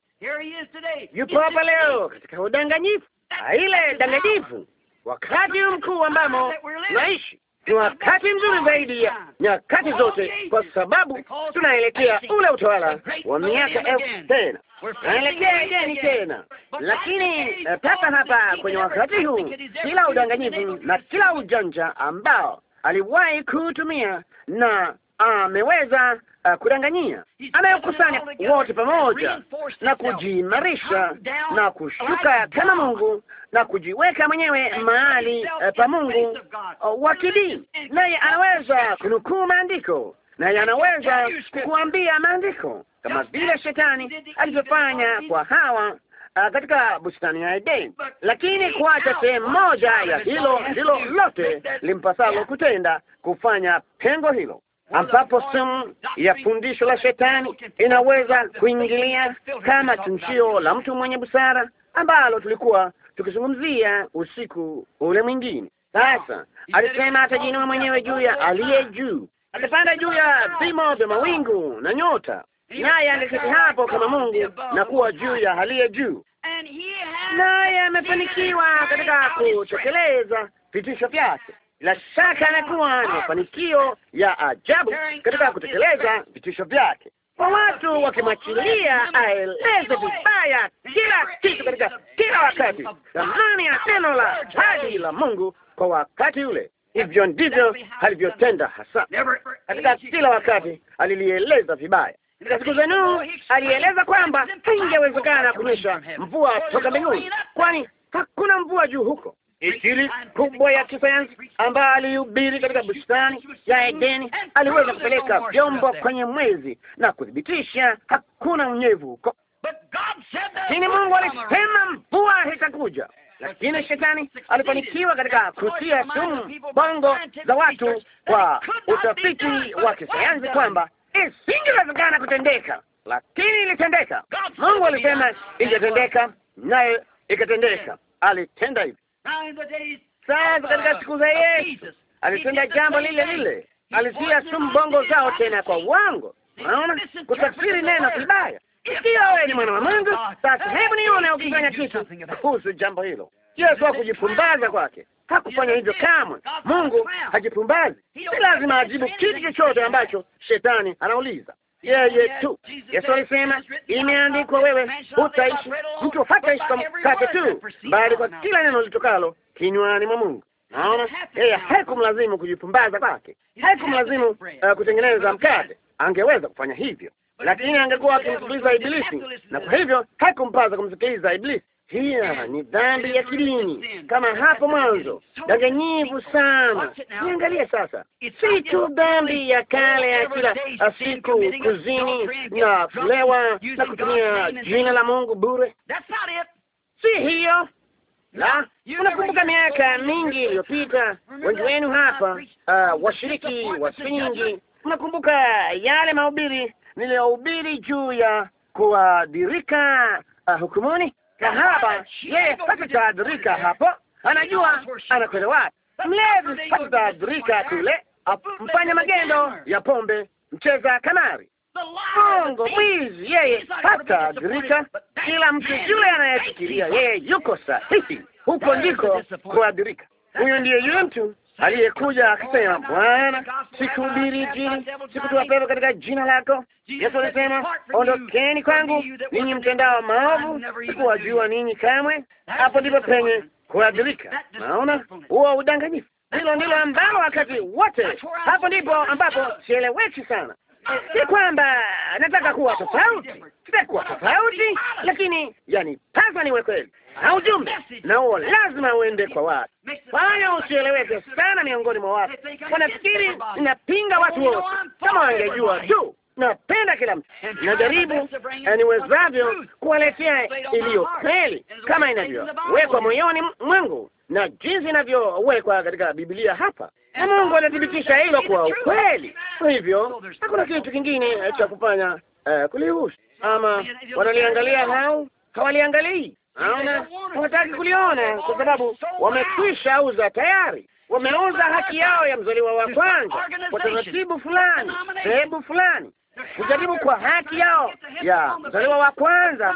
yupo hapa leo katika udanganyifu, ah, ile danganyifu. Wakati mkuu ambamo tunaishi ni wakati mzuri zaidi ya nyakati zote, kwa sababu tunaelekea ule utawala wa miaka elfu tena naelekea deni tena, lakini eh, papa hapa kwenye wakati huu, kila udanganyifu na kila ujanja ambao aliwahi kuutumia na ameweza uh, kudanganyia, anayokusanya wote pamoja na kujiimarisha na kushuka kama Mungu na kujiweka mwenyewe mahali uh, pa Mungu uh, wa kidini, naye anaweza kunukuu maandiko naye anaweza kuambia maandiko kama vile shetani alivyofanya kwa Hawa uh, katika bustani ya Edeni. Lakini kuacha sehemu moja ya hilo ndilo lote limpasalo kutenda kufanya pengo hilo ambapo sumu ya fundisho la shetani inaweza kuingilia kama tishio la mtu mwenye busara, ambalo tulikuwa tukizungumzia usiku ule mwingine. Sasa alisema atajiinua mwenyewe juu ya aliye juu, atapanda juu ya vimo vya mawingu na nyota, naye angeketi hapo kama Mungu na kuwa juu ya aliye juu. Naye amefanikiwa katika kutekeleza vitisho vyake bila shaka anakuwa na mafanikio ya ajabu katika kutekeleza vitisho vyake, kwa watu wakimwachilia aeleze vibaya kila kitu katika kila wakati, thamani ya neno la hadi la Mungu kwa wakati ule. Hivyo ndivyo alivyotenda hasa, katika kila wakati alilieleza vibaya. Katika siku za Nuhu alieleza kwamba haingewezekana kunyesha mvua toka mbinguni, kwani hakuna mvua juu huko. Injili kubwa ya kisayansi ambayo alihubiri katika bustani ya Edeni. Aliweza kupeleka vyombo kwenye mwezi na kuthibitisha hakuna unyevu huko, lakini Mungu alisema mvua itakuja. Lakini shetani alifanikiwa katika kutia sumu bongo za watu kwa utafiti wa kisayansi kwamba isingewezekana kutendeka, lakini ilitendeka. Mungu alisema ingetendeka, naye ikatendeka. Alitenda hivyo sasa katika siku za Yesu alitenda jambo lile lile, alizuia sumu bongo zao tena kwa uongo. Unaona, kutafsiri neno vibaya. Ikiwa wewe ni mwana wa Mungu, sasa hebu nione ukifanya kitu kuhusu jambo hilo. Yesu hakujipumbaza kwake, hakufanya hivyo kamwe. Mungu hajipumbazi, si lazima ajibu kitu chochote ambacho shetani anauliza yeye tu. Yesu alisema, imeandikwa, wewe hutaishi, mtu hataishi kwa mkate tu, bali kwa kila neno litokalo kinywani mwa Mungu. Naona yeye haikumlazimu kujipumbaza kwake, haikumlazimu uh, kutengeneza mkate. Angeweza kufanya hivyo, lakini angekuwa akimsikiliza Ibilisi, na kwa hivyo haikumpaza kumsikiliza Ibilisi hiya ni dhambi ya kidini kama hapo mwanzo, danganyivu sana. Niangalie sasa, si tu dhambi ya kale ya kila siku, kuzini na kulewa na kutumia jina la Mungu bure, si hiyo la. Unakumbuka miaka mingi iliyopita, wengi wenu hapa uh, washiriki wasingi, unakumbuka yale mahubiri niliyohubiri juu ya kuadirika uh, hukumuni kahaba, yeye hatataadhirika hapo, anajua anakwenda wapi. Mlevi hatataadhirika kule, mfanya magendo ya pombe, mcheza kamari, mongo, mwizi, yeye hatataadhirika. Kila mtu yule anayefikiria yeye yuko sahihi, huko ndiko kuadhirika. Huyu ndiye yule mtu aliyekuja akisema, Bwana, sikuhubiri Injili, sikutoa pepo katika jina lako. Yesu alisema, ondokeni kwangu ninyi mtendao maovu, sikuwajua ninyi kamwe. Hapo ndipo penye kuadhirika. Naona huo udanganyifu, hilo ndilo ambalo wakati wote, hapo ndipo ambapo sieleweki sana. Si kwamba nataka kuwa tofauti, sitakuwa tofauti, lakini yani pasa niwe kweli na ujumbe nao lazima uende kwa watu, wala usieleweke sana miongoni mwa watu. Wanafikiri napinga watu wote. Kama wangejua tu napenda kila mtu, najaribu niwezavyo kuwaletea iliyo kweli kama inavyowekwa moyoni mwangu na jinsi inavyowekwa katika Biblia hapa, na Mungu anathibitisha hilo kwa ukweli. Kwa hivyo hakuna kitu kingine cha kufanya eh, kulihusu ama wanaliangalia hao hawaliangalii Naona hawataki kuliona kwa sababu wamekwisha uza tayari, wameuza haki yao ya mzaliwa wa kwanza kwa taratibu fulani, sehemu fulani, kujaribu kwa haki yao ya mzaliwa wa kwanza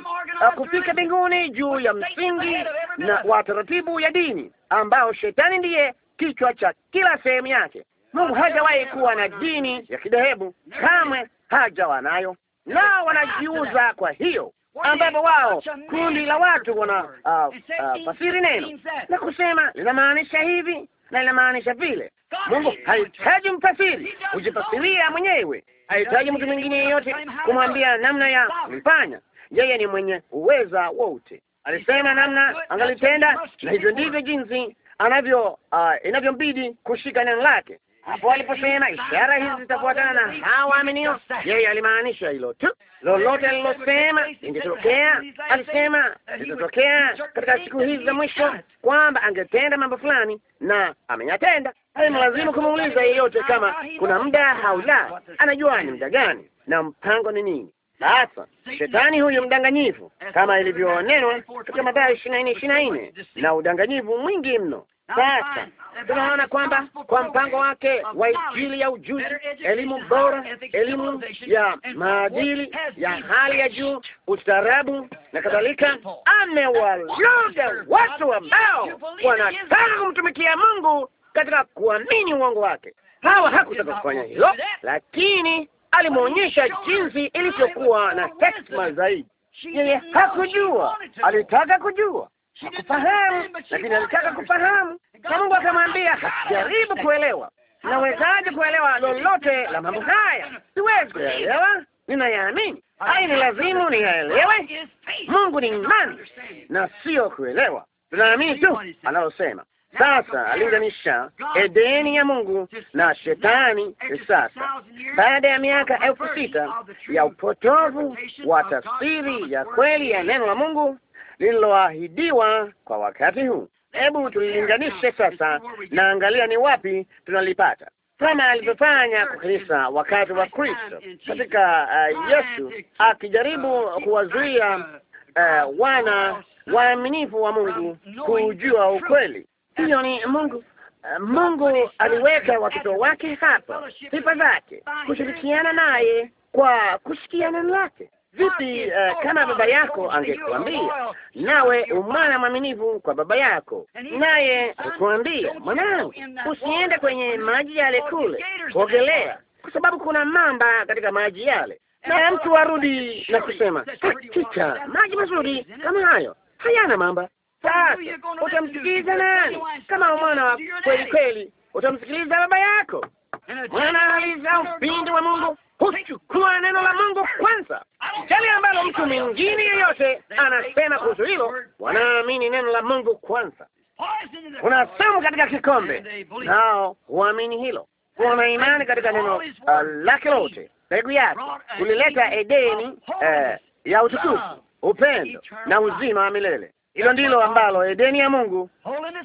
kufika mbinguni juu ya msingi na wa taratibu ya dini ambao shetani ndiye kichwa cha kila sehemu yake. Mungu hajawahi kuwa na dini ya kidhehebu kamwe, hajawa nayo, nao wanajiuza kwa hiyo ambapo wao kundi la watu wana uh, uh, fasiri neno na kusema linamaanisha hivi na linamaanisha vile. Mungu hahitaji mfasiri, hujifasiria mwenyewe. Hahitaji mtu mwingine yeyote kumwambia namna ya kufanya. Yeye ni mwenye uweza wote. Alisema namna angalitenda, na hivyo ndivyo jinsi anavyo uh, ah, inavyombidi kushika neno lake hapo aliposema ishara hizi zitafuatana na waaminio, yeye alimaanisha hilo tu. Lolote alilosema ingetokea, alisema litatokea katika siku hizi za mwisho, kwamba angetenda mambo fulani na ameyatenda. Lazima kumuuliza yeyote kama kuna muda la, anajua ni muda gani na mpango ni nini. Sasa shetani huyu mdanganyifu, kama ilivyonenwa katika Mathayo ishirini na nne ishirini na nne na udanganyifu mwingi mno sasa tunaona kwamba kwa mpango wake wa Injili ya ujuzi, elimu bora, elimu ya maadili ya hali ya juu, ustaarabu na kadhalika, amewaloga watu ambao wanataka kumtumikia Mungu katika kuamini uongo wake. Hawa hakutaka kufanya hilo, lakini alimwonyesha jinsi ilivyokuwa na hekima zaidi. Yeye hakujua, alitaka kujua hakufahamu, lakini alitaka kufahamu, na Mungu akamwambia, jaribu kuelewa. Nawezaje kuelewa lolote la mambo haya? Siwezi kuelewa, ninayaamini hai, ni lazimu niyaelewe. Mungu ni imani na sio kuelewa, tunaamini tu analosema. Sasa alinganisha Edeni ya Mungu na shetani. Sasa baada ya miaka elfu sita ya upotovu wa tafsiri ya kweli ya neno la Mungu lililoahidiwa kwa wakati huu. Hebu tulilinganishe sasa, na angalia ni wapi tunalipata, kama alivyofanya kwa kanisa wakati wa Kristo katika uh, Yesu akijaribu kuwazuia uh, wana waaminifu wa Mungu kujua ukweli. Hiyo ni Mungu. Mungu aliweka watoto wake hapa, sifa zake, kushirikiana naye kwa kusikia neno lake. Vipi uh, kama baba yako angekuambia nawe umwana mwaminivu kwa baba yako, naye kuambia mwanangu, usiende kwenye maji yale kule kuogelea, kwa sababu kuna mamba katika maji yale, na mtu arudi na kusema hakika maji mazuri kama hayo hayana mamba. Sasa utamsikiliza nani? Kama umwana wa kweli kweli, utamsikiliza baba yako. Mwana analiza upindi wa Mungu kuwa neno la Mungu kwanza, jali ambalo mtu mwingine yeyote anasema kuhusu hilo. Wanaamini neno la Mungu kwanza. Kuna sumu katika kikombe, nao huamini hilo. Kuna imani katika neno uh, lake lote. Mbegu yake kulileta Edeni uh, ya utukufu, upendo na uzima wa milele. Hilo ndilo ambalo Edeni ya Mungu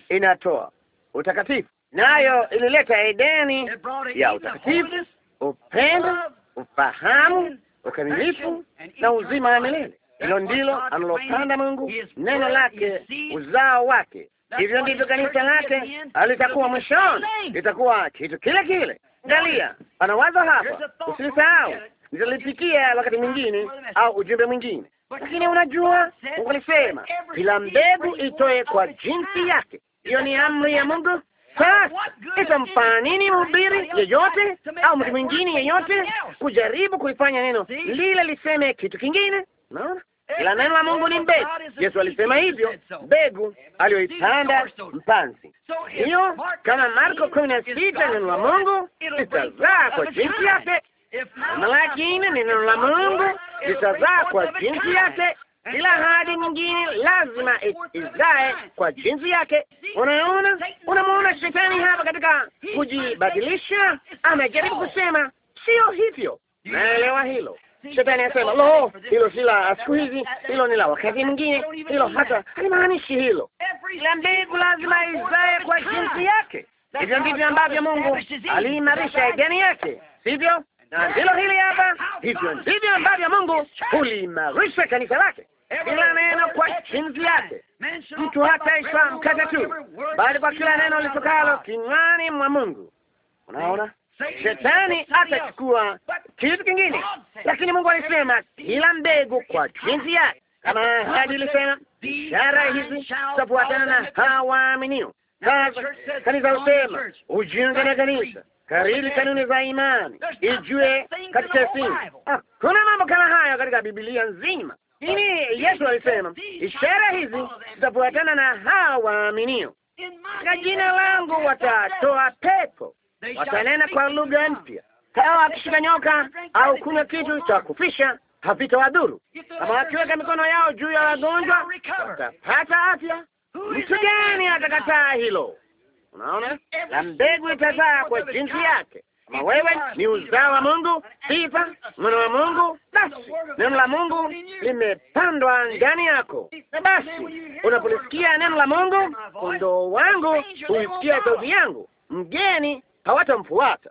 inatoa utakatifu, nayo ilileta Edeni ya utakatifu, upendo ufahamu, ukamilifu na uzima wa milele. Hilo ndilo analopanda Mungu, neno lake, uzao wake. Hivyo ndivyo kanisa lake alitakuwa mwishoni, litakuwa kitu kile kile. Angalia, wazo hapa, usilisahau, nitalipikia wakati mwingine au ujumbe mwingine. Lakini unajua, Mungu alisema kila mbegu itoe kwa jinsi yake. Hiyo ni amri ya Mungu sasa itamfaa nini mhubiri yeyote au mtu mwingine yeyote kujaribu kuifanya neno lile liseme kitu kingine? Naona ila neno la Mungu ni mbegu. Yesu alisema hivyo, mbegu aliyoipanda mpanzi. Hiyo kama Marko kumi na sita, neno la Mungu litazaa kwa jinsi yake. Malaki ni neno la Mungu litazaa kwa jinsi yake kila hadi nyingine lazima izae kwa jinsi yake. Unaona, unamwona shetani hapa katika kujibadilisha, amejaribu kusema sio hivyo. Naelewa hilo. Shetani asema lo, hilo si la siku hizi, hilo ni la wakati mwingine, hilo hata halimaanishi hilo. Kila mbegu lazima izae kwa jinsi yake. Hivyo ndivyo ambavyo Mungu aliimarisha Edeni yake, sivyo? Na ndilo hili hapa, hivyo ndivyo ambavyo Mungu huliimarisha kanisa lake kila neno kwa jinsi yake. Mtu hataishwa mkate tu, bali kwa kila neno litokalo kinywani mwa Mungu. Unaona, shetani atachukua kitu kingine, lakini Mungu alisema kila mbegu kwa jinsi yake, kama hadi ilisema ishara hizi zitafuatana na hawaaminio. Sasa kanisa husema ujiunge na kanisa karili kanuni za imani ijue katika sini. Ah, kuna mambo kama hayo katika Biblia nzima. Lakini Yesu alisema ishara hizi zitafuatana na hawa waaminio, katika jina langu watatoa pepo, watanena kwa lugha mpya, kama wakishika nyoka au kunywa kitu cha kufisha havitawadhuru, kama wakiweka mikono yao juu ya wagonjwa watapata afya. Mtu gani atakataa hilo? Unaona, na mbegu itazaa kwa jinsi yake kama wewe ni uzao wa Mungu, sifa mwana wa Mungu, basi neno la Mungu limepandwa ndani yako. Na basi unapolisikia neno la Mungu, kondoo wangu huisikia sauti yangu, mgeni hawatamfuata.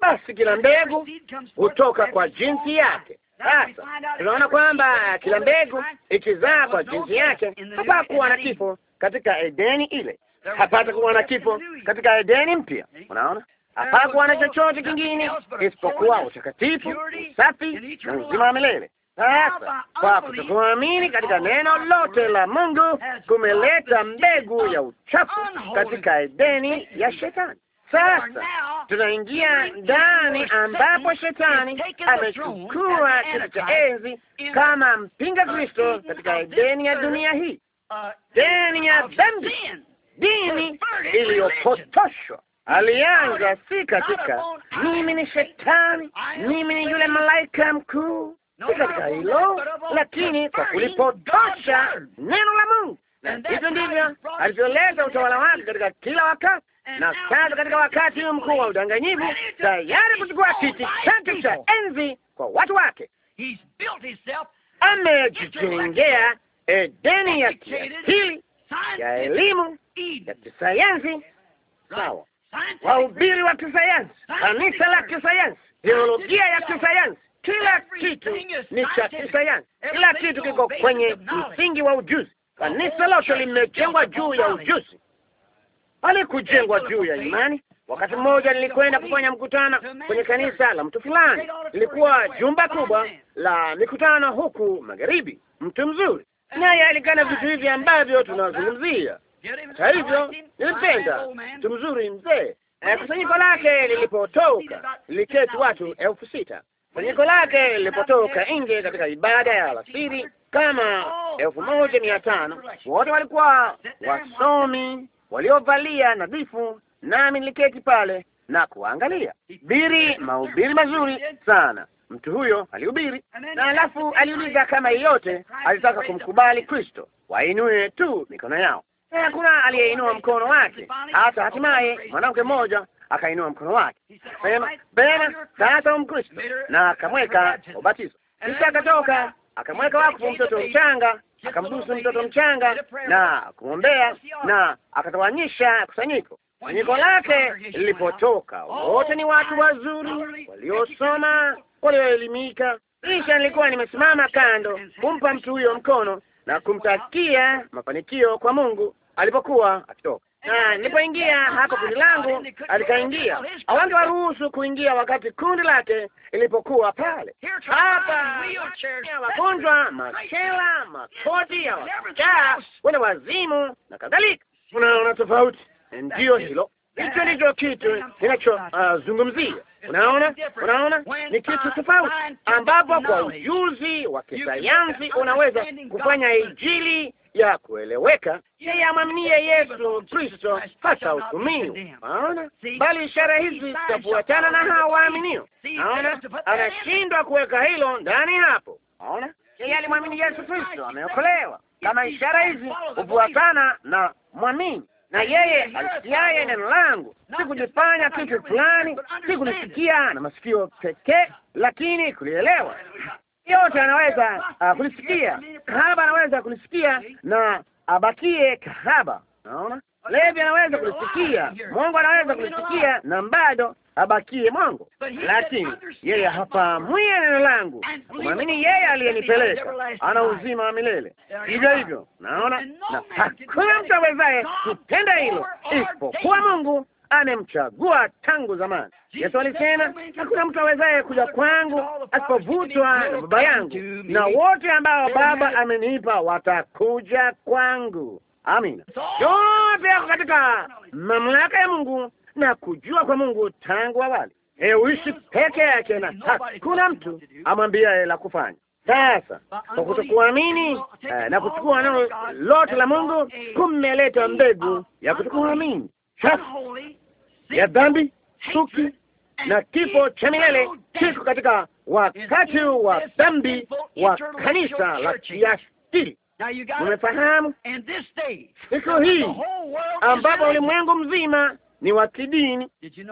Basi kila mbegu hutoka kwa jinsi yake. Sasa tunaona kwamba kila mbegu ikizaa kwa jinsi yake. Hapakuwa na kifo katika Edeni ile, hapata kuwa na kifo katika Edeni mpya. Unaona? hapakuwa na chochote kingine isipokuwa utakatifu, usafi na uzima wa milele. Sasa kwa kutokuamini katika neno lote la Mungu kumeleta mbegu ya uchafu katika Edeni ya Shetani. Sasa tunaingia ndani ambapo Shetani amechukua kiti cha enzi kama mpinga Kristo katika Edeni ya dunia hii, uh, deni ya dhambi, dini iliyopotoshwa alianza si katika mimi ni shetani, mimi ni yule malaika mkuu, si katika hilo, lakini kwa kulipodosha neno la Mungu, na hivyo ndivyo alivyoleta utawala wake katika kila wakati. Na sasa katika wakati huu mkuu wa udanganyivu, tayari kuchukua kiti chake cha enzi kwa watu wake, amejijengea Edeni ya kiakili ya elimu ya kisayansi. Sawa, wahubiri wa kisayansi, kanisa la kisayansi, teolojia ya kisayansi. Kila kitu ni cha kisayansi, kila kitu kiko kwenye msingi wa ujuzi. Kanisa lote limejengwa juu ya ujuzi, halikujengwa juu ya imani. Wakati mmoja nilikwenda kufanya mkutano kwenye kanisa la mtu fulani, lilikuwa jumba kubwa la mikutano huku magharibi. Mtu mzuri naye alikana vitu hivi ambavyo tunazungumzia kwa hivyo nilimpenda mtu mzuri mzee. Kusanyiko lake lilipotoka liketi watu elfu sita. Kusanyiko lake lilipotoka nje katika ibada ya alasiri kama elfu moja mia tano. Wote walikuwa wasomi waliovalia nadhifu, nami niliketi pale na kuangalia biri mahubiri mazuri sana. Mtu huyo alihubiri, na alafu aliuliza kama yeyote alitaka kumkubali Kristo, wainue tu mikono yao na eh, hakuna aliyeinua mkono wake. Hata hatimaye mwanamke mmoja akainua mkono wake, sema bema, sasa Mkristo, na akamweka ubatizo. Kisha akatoka akamweka wakfu mtoto mchanga, akambusu mtoto mchanga na kumwombea, na akatawanyisha kusanyiko. Kusanyiko lake lilipotoka, wote ni watu wazuri, waliosoma, walioelimika. Kisha nilikuwa nimesimama kando kumpa mtu huyo mkono na kumtakia mafanikio kwa Mungu alipokuwa akitoka na nilipoingia hapo, kundi langu alikaingia, awange waruhusu kuingia wakati kundi lake ilipokuwa pale. Hapa wagonjwa, machela, makoti ya wacaa, wenda wazimu na kadhalika. Unaona tofauti? Ndiyo hilo Hicho ndicho kitu ninachozungumzia. Uh, unaona, unaona ni kitu tofauti, ambapo kwa ujuzi wa kisayansi unaweza kufanya injili ya kueleweka. Yeye amwaminie Yesu Kristo hata utumiwa, naona bali ishara hizi zitafuatana na hao waaminio. Naona anashindwa kuweka hilo ndani hapo. unaona. yeye alimwamini Yesu Kristo, ameokolewa. Kama ishara hizi hufuatana na mwamini na yeye alisikiaye neno langu, si kulifanya kitu fulani, si kulisikia na masikio pekee, lakini kulielewa. Yote anaweza uh, kulisikia. Kahaba anaweza kulisikia na abakie kahaba. Naona Levi anaweza kulisikia, Mungu anaweza kulisikia na bado abakie Mungu, lakini yeye hafahamui neno langu. Mwamini yeye aliyenipeleka ana uzima wa milele. Hivyo hivyo naona, na hakuna mtu awezaye kutenda hilo isipokuwa Mungu amemchagua tangu zamani. Yesu alisema hakuna mtu awezaye kuja kwangu asipovutwa na Baba yangu, na wote ambao Baba amenipa watakuja kwangu. Amina. Yote yako katika mamlaka ya Mungu na kujua kwa Mungu tangu awali. Eh, uishi peke yake na hakuna mtu amwambiaye la kufanya. Sasa kwa kutokuamini eh, na kuchukua neno lote la Mungu kumeleta mbegu ya kutokuamini sasa ya dhambi, chuki na kifo cha milele kiko katika wakati wa dhambi wa kanisa la kiasili. Umefahamu siku hii ambapo ulimwengu mzima ni wa kidini.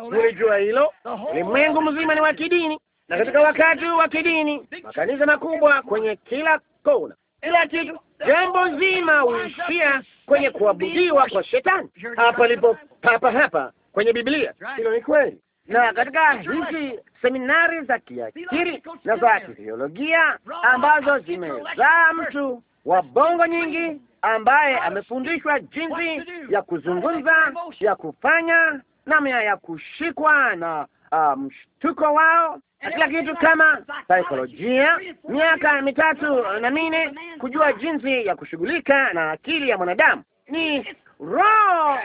Ulijua hilo? Ulimwengu mzima ni wa kidini, na katika wakati wa kidini, makanisa makubwa kwenye kila kona, kila kitu, jambo zima huishia kwenye kuabudiwa kwa shetani. Hapa lipo papa hapa kwenye Biblia, hilo ni kweli. Na katika hizi seminari za kiakiri na za kithiolojia ambazo zimezaa mtu wa bongo nyingi ambaye amefundishwa jinsi ya kuzungumza, ya kufanya namna ya kushikwa na mshtuko ah, mshtuko wao na kila kitu, kama saikolojia, miaka mitatu na mine kujua jinsi ya kushughulika na akili ya mwanadamu. Ni roho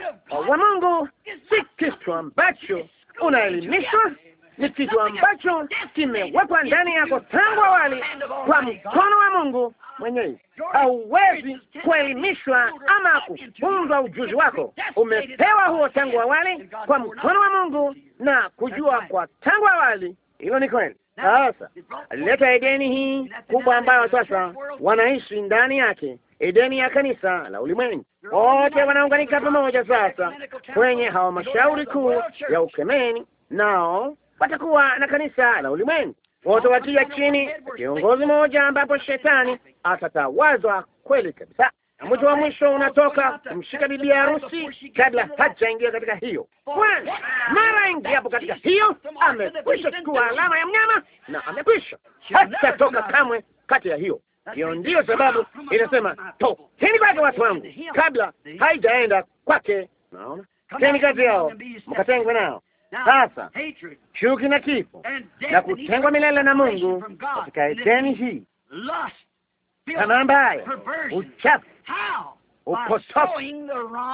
wa Mungu, si kitu ambacho unaelimishwa ni kitu ambacho kimewekwa ndani yako tangu awali kwa mkono wa Mungu mwenyewe. Hauwezi kuelimishwa ama kufunzwa. Ujuzi wako umepewa huo tangu awali kwa mkono wa Mungu na kujua kwa tangu awali. Hilo ni kweli. Sasa alileta Edeni hii kubwa ambayo sasa wanaishi ndani yake, Edeni ya kanisa la ulimwengu. Wote wanaunganika pamoja sasa kwenye halmashauri kuu ya ukemeni, nao watakuwa na kanisa la ulimwengu wote watia chini kiongozi mmoja, ambapo shetani atatawazwa kweli kabisa. Na mwisho wa mwisho unatoka kumshika bibi harusi kabla hajaingia katika hiyo, kwani mara ingiapo katika hiyo amekwisha chukua alama ya mnyama na amekwisha hatatoka kamwe kati ya hiyo. Hiyo ndiyo sababu inasema tokeni kwake, watu wangu, kabla haijaenda kwake. Naona teni kati yao mkatengwe nao sasa chuki na kifo na kutengwa milele na Mungu katika Edeni hii, tamaa mbaya, uchafu, upotofu.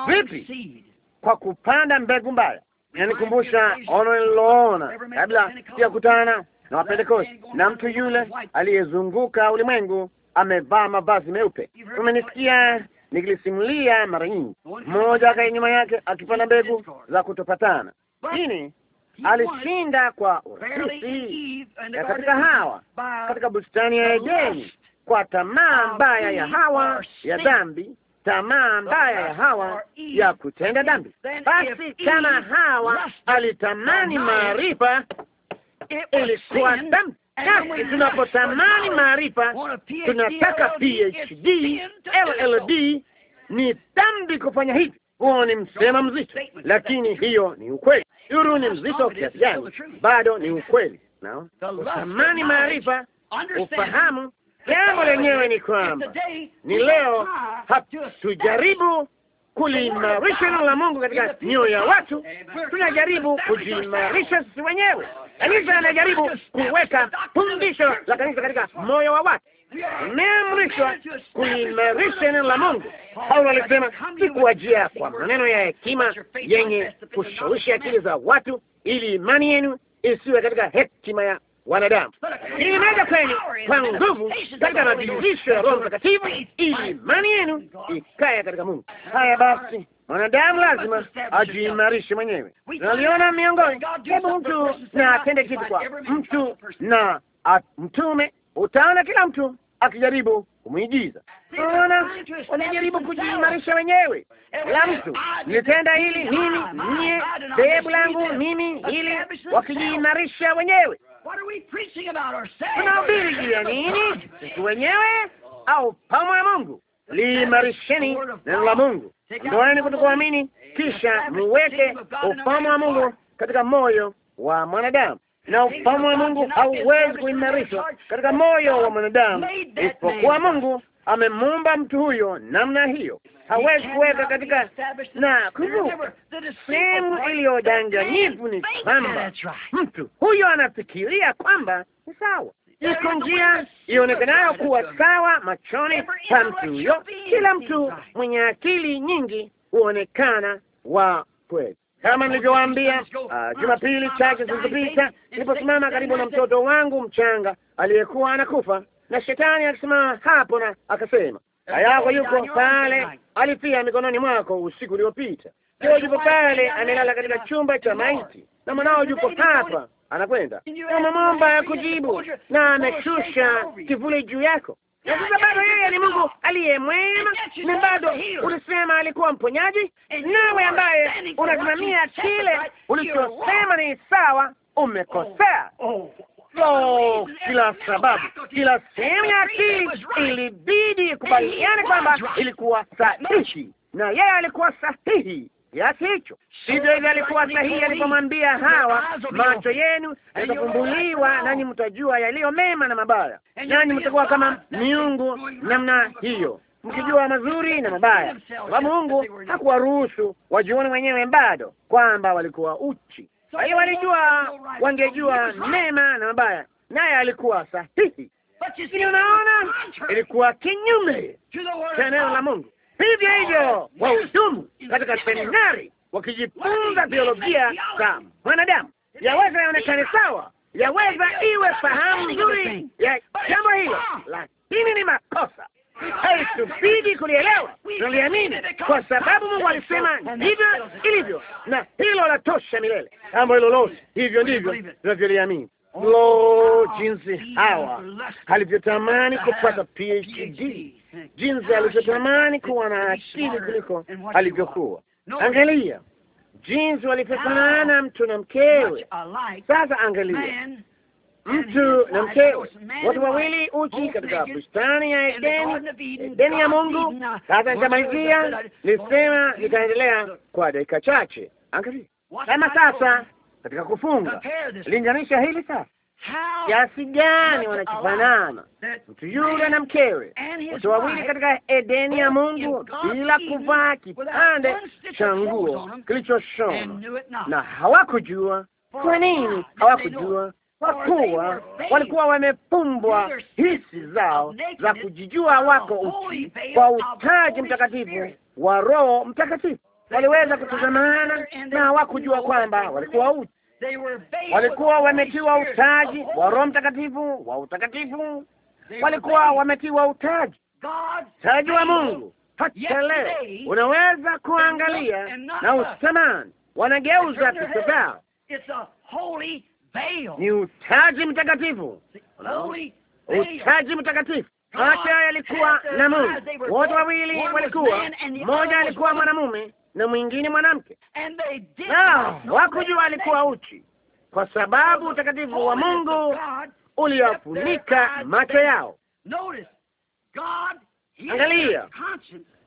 Vipi? Kwa kupanda mbegu mbaya. Inanikumbusha ono nililoona kabla ya kutana na Wapentekoste na mtu yule aliyezunguka ulimwengu amevaa mavazi meupe. Umenisikia nikilisimulia mara nyingi. Mmoja akaye nyuma yake akipanda mbegu za kutopatana lakini alishinda kwa urahisi na katika Hawa, katika bustani ya Edeni, kwa tamaa mbaya ya Hawa ya dhambi, tamaa mbaya ya Hawa ya kutenda dhambi. Basi kama Hawa alitamani maarifa, ilikuwa dhambi. Basi tunapotamani maarifa, tunataka PhD, LLD, ni dhambi kufanya hivi. Huo ni msema mzito, lakini hiyo ni ukweli. Nuru ni mzito kiasi gani, bado ni ukweli. Naona thamani maarifa, ufahamu. Jambo lenyewe ni kwamba ni leo hatujaribu kuliimarisha neno la Mungu katika mioyo ya watu, tunajaribu kujiimarisha sisi wenyewe. Kanisa anajaribu kuweka fundisho la kanisa katika moyo wa watu mmeamrishwa kuimarisha neno la Mungu. Paulo alisema si kwa maneno ya hekima yenye kushawishi akili za watu, ili imani yenu isiwe katika hekima ya wanadamu, ili imeweza kwenu kwa nguvu katika madirisho ya Roho Mtakatifu, ili imani yenu ikae katika Mungu. Haya basi, mwanadamu lazima ajiimarishe mwenyewe. Naliona miongoni, hebu mtu na atende kitu kwa mtu na mtume, utaona kila mtu akijaribu kumwigiza. Unaona, wanajaribu kujiimarisha wenyewe. La mtu nilitenda hili, mimi nie dhehebu langu mimi, ili wakijiimarisha wenyewe. Tunahubiri juu ya nini? Sisi wenyewe au pamoja ya Mungu? Liimarisheni neno la Mungu, ndoeni kutokuamini, kisha muweke ufalme wa Mungu katika moyo wa mwanadamu na ufalme wa Mungu hauwezi kuimarishwa katika moyo wa mwanadamu isipokuwa Mungu amemuumba mtu huyo namna hiyo, hawezi kuweka katika. Na kumbuka, sehemu iliyodanganyifu ni kwamba mtu huyo anafikiria kwamba ni sawa, iko njia ionekanayo kuwa sawa machoni pa mtu huyo. Kila mtu mwenye akili nyingi huonekana wa kweli. Kama nilivyowaambia uh, Jumapili chache zilizopita, niliposimama karibu na mtoto wangu mchanga aliyekuwa anakufa, na shetani alisimama hapo na akasema, ayako yuko pale, alifia mikononi mwako usiku uliopita. Kio yupo pale, amelala katika chumba cha maiti, na mwanao yupo hapa anakwenda. Umemwomba kujibu, na ameshusha kivuli juu yako na sasa bado yeye ni Mungu aliye mwema, na bado ulisema alikuwa mponyaji, nawe ambaye unasimamia kile ulichosema ni sawa, umekosea. Oh, oh. So, kila sababu, kila sehemu ya akili ilibidi kubaliane kwamba ilikuwa sahihi, na yeye alikuwa sahihi kiasi hicho. Hivyo hivyo alikuwa sahihi alipomwambia Hawa, macho yenu yatafumbuliwa, nanyi mtajua yaliyo mema na mabaya, nanyi mtakuwa kama miungu namna hiyo, mkijua mazuri na mabaya, kwa Mungu hakuwaruhusu wajione wenyewe bado kwamba walikuwa uchi. Kwa hiyo walijua, wangejua mema na mabaya, naye alikuwa sahihi. Lakini unaona, ilikuwa kinyume cha neno la Mungu. Vivyo hivyo wahudumu katika seminari wakijifunza biolojia za mwanadamu, yaweza yaonekane sawa, yaweza iwe fahamu nzuri ya jambo hilo, lakini ni makosa. Haitubidi kulielewa, tunaliamini kwa sababu Mungu alisema ndivyo ilivyo, na hilo la tosha milele. Jambo hilo lote, hivyo ndivyo tunavyoliamini. Lo, jinsi hawa alivyotamani kupata PhD jinsi alivyotamani kuwa na akili kuliko alivyokuwa. Angalia jinsi walivyofanana mtu na mkewe. Sasa angalia mtu na mkewe, watu wawili uchi katika bustani ya Edeni, Edeni ya Mungu. Sasa nitamalizia, nisema nitaendelea kwa dakika chache. Angalia kama sasa katika kufunga, linganisha hili sasa kiasi gani wanachofanana mtu yule na mkewe, watu wawili katika Edeni ya Mungu, bila kuvaa kipande cha nguo kilichoshona, na hawakujua. Kwa nini hawakujua? Kwa kuwa walikuwa wamepumbwa hisi zao za kujijua wako uchi kwa utaji mtakatifu wa Roho Mtakatifu. Waliweza kutazamana na hawakujua kwamba walikuwa uchi walikuwa wametiwa utaji wa Roho Mtakatifu wa utakatifu, walikuwa wametiwa utaji taji wa Mungu. Hata leo unaweza kuangalia na usamani, wanageuza vichwa vyao. Ni utaji mtakatifu, utaji mtakatifu. Acha yalikuwa na Mungu, wote wawili walikuwa, mmoja alikuwa mwanamume na mwingine mwanamke, nao wakujua alikuwa uchi, kwa sababu utakatifu wa Mungu uliofunika macho yao. Angalia,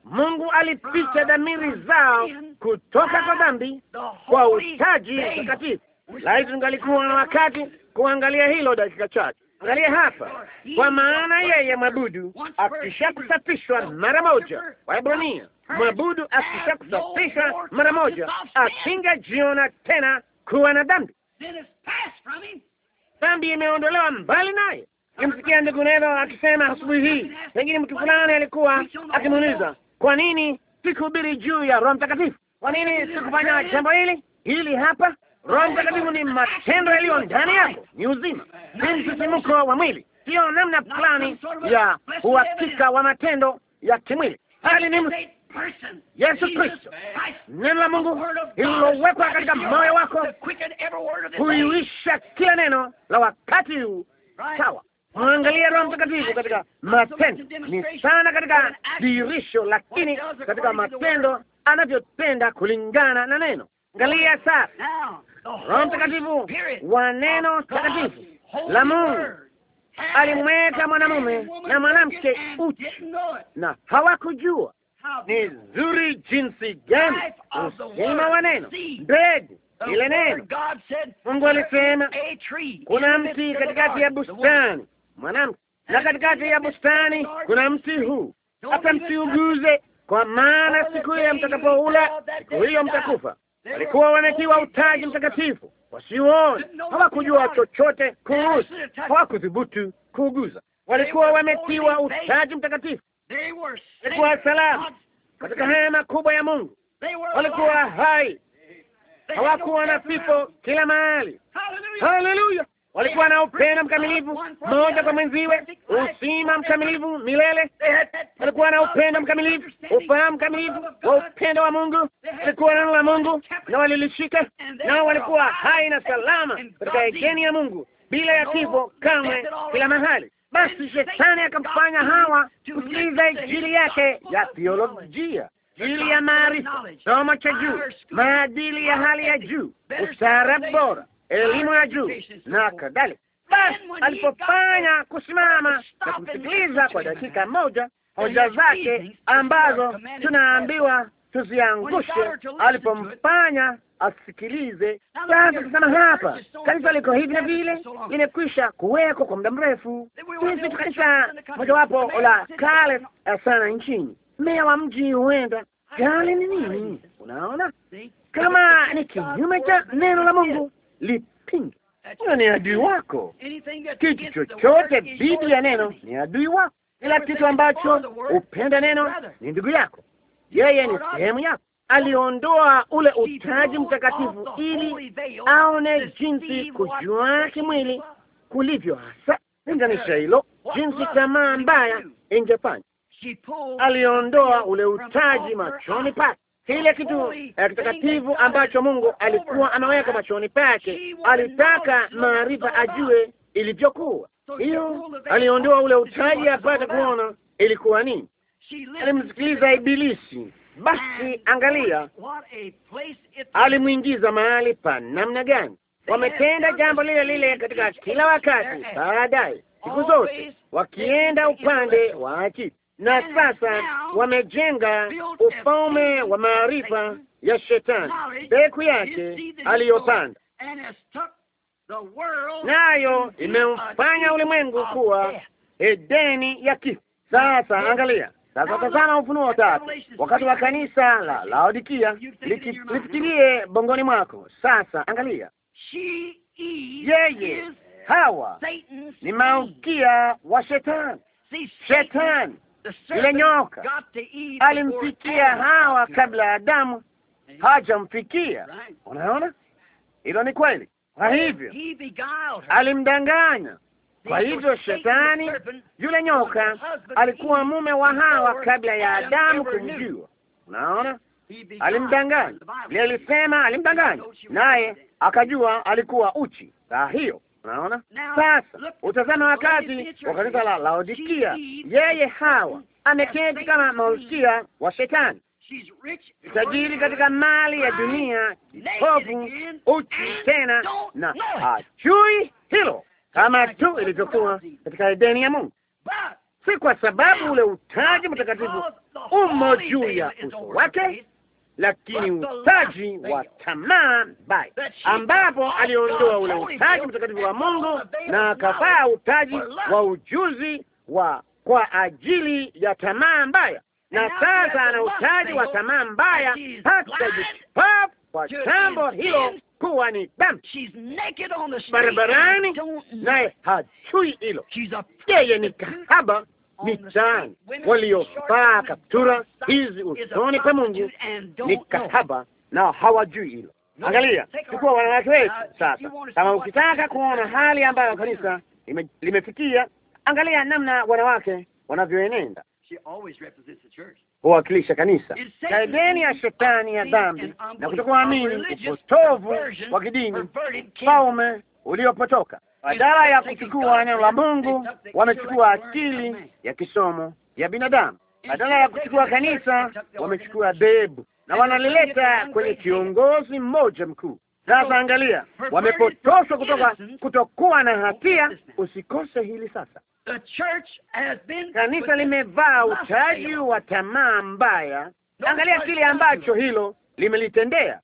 Mungu alificha dhamiri zao kutoka kwa dhambi kwa utaji mtakatifu. Laiti tungalikuwa na wakati kuangalia hilo dakika chache. Angalia hapa, kwa maana yeye mwabudu akisha kusafishwa mara moja, Waebrania, mwabudu akisha kusafishwa mara moja, akinga jiona tena kuwa na dhambi, dhambi imeondolewa mbali naye. Kimsikia ndugu Neno akisema asubuhi hii, pengine mtu fulani alikuwa akimuuliza, kwa nini sikuhubiri juu ya Roho Mtakatifu? Kwa nini sikufanya jambo hili hili hapa? Roho Mtakatifu ni matendo yaliyo ndani yako, ni uzima, ni msisimko wa mwili, sio namna fulani ya uhakika wa matendo ya kimwili, bali ni Yesu Kristo, neno la Mungu ililowekwa katika moyo wako, kuiuisha kila neno la wakati huu. Sawa, angalia Roho Mtakatifu katika matendo, ni sana katika dirisho, lakini katika matendo anavyotenda kulingana na neno. Angalia sasa Roho Mtakatifu wa neno takatifu la Mungu alimweka mwanamume na mwanamke uchi na hawakujua. Ni zuri jinsi gani uzima wa neno, mbegu ile neno. Mungu alisema kuna mti katikati ya bustani mwanamke, na katikati ya bustani kuna mti huu hata msiuguze, kwa maana siku hiyo mtakapoula, siku hiyo mtakufa walikuwa wametiwa utaji mtakatifu, wasiuone, hawakujua chochote kuhusu, hawakuthubutu kuuguza. Walikuwa wametiwa utaji mtakatifu, walikuwa salama katika hema kubwa ya Mungu, walikuwa hai, hawakuwa na pipo kila mahali. Haleluya! walikuwa na upendo mkamilifu mmoja kwa mwenziwe, uzima mkamilifu milele. Walikuwa na upendo mkamilifu, ufahamu mkamilifu wa upendo wa Mungu. Walikuwa neno la Mungu na walilishika, nao walikuwa hai na salama katika egeni ya Mungu bila ya kifo kamwe, kila mahali. Basi shetani akamfanya Hawa kusikiliza injili yake ya theolojia jili ya maarifa, somo cha juu, maadili ya hali ya juu, ustaarabu bora elimu ya juu na kadhalika. Basi alipofanya kusimama na kumsikiliza kwa dakika moja hoja zake ambazo tunaambiwa tuziangushe, alipomfanya asikilize. Sasa tazama hapa, kanisa liko hivi na vile, limekwisha kuwekwa kwa muda mrefu. Sisi kanisa mojawapo la kale sana nchini. Meya wa mji huenda jali ni nini? Unaona, kama ni kinyume cha neno la Mungu lipinge. Hiyo ni adui wako. Kitu chochote dhidi ya neno ni adui wako. Kila kitu ambacho upenda neno ni ndugu yako, yeye ni sehemu yako. Aliondoa ule utaji mtakatifu ili aone jinsi kujua kimwili kulivyo hasa. Linganisha hilo jinsi tamaa mbaya ingefanya. Aliondoa ule utaji machoni pake kile kitu eh, kitakatifu ambacho Mungu alikuwa ameweka machoni pake. Alitaka maarifa, ajue ilivyokuwa. Hiyo aliondoa ule utaji apate kuona ilikuwa nini. Alimsikiliza Ibilisi. Basi angalia, alimwingiza mahali pa namna gani. Wametenda jambo lile lile katika kila wakati, baadaye siku zote wakienda upande wa akili na sasa wamejenga ufalme wa maarifa ya shetani, beku yake aliyopanda nayo imemfanya ulimwengu kuwa Edeni ya kifo. Sasa angalia, sasa tazama Ufunuo tatu, wakati wa kanisa la Laodikia. Lifikirie bongoni mwako sasa, angalia yeye, hawa ni maukia wa shetani. Shetani yule nyoka alimfikia Hawa kabla Adamu hajamfikia. Unaona, hilo ni kweli. Kwa hivyo alimdanganya. Kwa hivyo shetani yule nyoka alikuwa mume wa Hawa kabla ya Adamu kumjua. Unaona, alimdanganya. Biblia ilisema alimdanganya, naye akajua alikuwa uchi. Saa hiyo Unaona sasa, utazama wakati wa kanisa la Laodikia, e yeye Hawa ameketi kama malkia e wa Shetani, tajiri katika mali ya dunia, kipofu, uchi tena na hajui hilo, kama tu ilivyokuwa katika Edeni ya Mungu, si kwa sababu ule utaji mtakatifu umo juu ya uso wake lakini utaji wa tamaa mbaya, ambapo aliondoa ule utaji mtakatifu wa Mungu na akavaa utaji wa ujuzi wa kwa ajili ya tamaa mbaya, na sasa ana utaji wa tamaa mbaya hata kwa jambo hilo kuwa ni dhambi barabarani, naye hajui hilo. Yeye ni kahaba mitani waliovaa kaptura hizi usoni pa Mungu ni kahaba na hawajui hilo. Angalia, chukua wanawake wetu uh, sasa. Kama ukitaka kuona hali ambayo kanisa limefikia, angalia namna wanawake wanavyoenenda huwakilisha kanisa. Kaideni ya shetani ya dhambi na kutokuamini, upotovu wa kidini, paume uliopotoka. Badala ya kuchukua neno la Mungu, wamechukua akili ya kisomo ya binadamu. Badala ya kuchukua kanisa, wamechukua bebu na wanalileta kwenye kiongozi mmoja mkuu. Sasa angalia, wamepotoshwa kutoka kutokuwa na hatia. Usikose hili sasa. Kanisa limevaa utaji wa tamaa mbaya. Angalia kile ambacho hilo limelitendea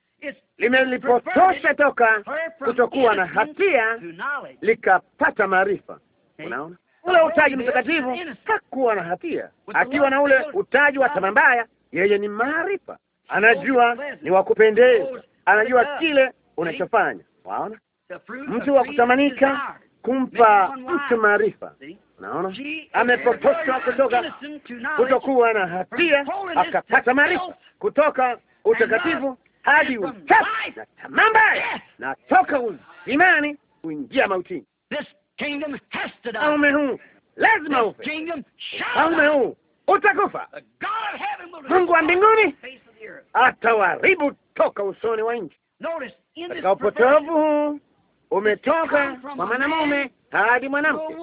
limelipotosha toka kutokuwa na hatia likapata maarifa. Unaona, ule utaji mtakatifu hakuwa na hatia, akiwa na ule utaji wa tamaa mbaya, yeye ni maarifa, anajua ni wa kupendeza, anajua kile unachofanya. Waona, mtu wa kutamanika kumpa mtu maarifa. Naona amepotoshwa kutoka kutokuwa na hatia akapata maarifa, kutoka utakatifu hadi uchafu na tamaa mbaya na toka uzimani kuingia mautini. Ufalme huu lazima ufe, ufalme huu utakufa. Mungu wa mbinguni atawaribu toka usoni wa nchi. Katika upotovu huu umetoka kwa mwanamume hadi mwanamke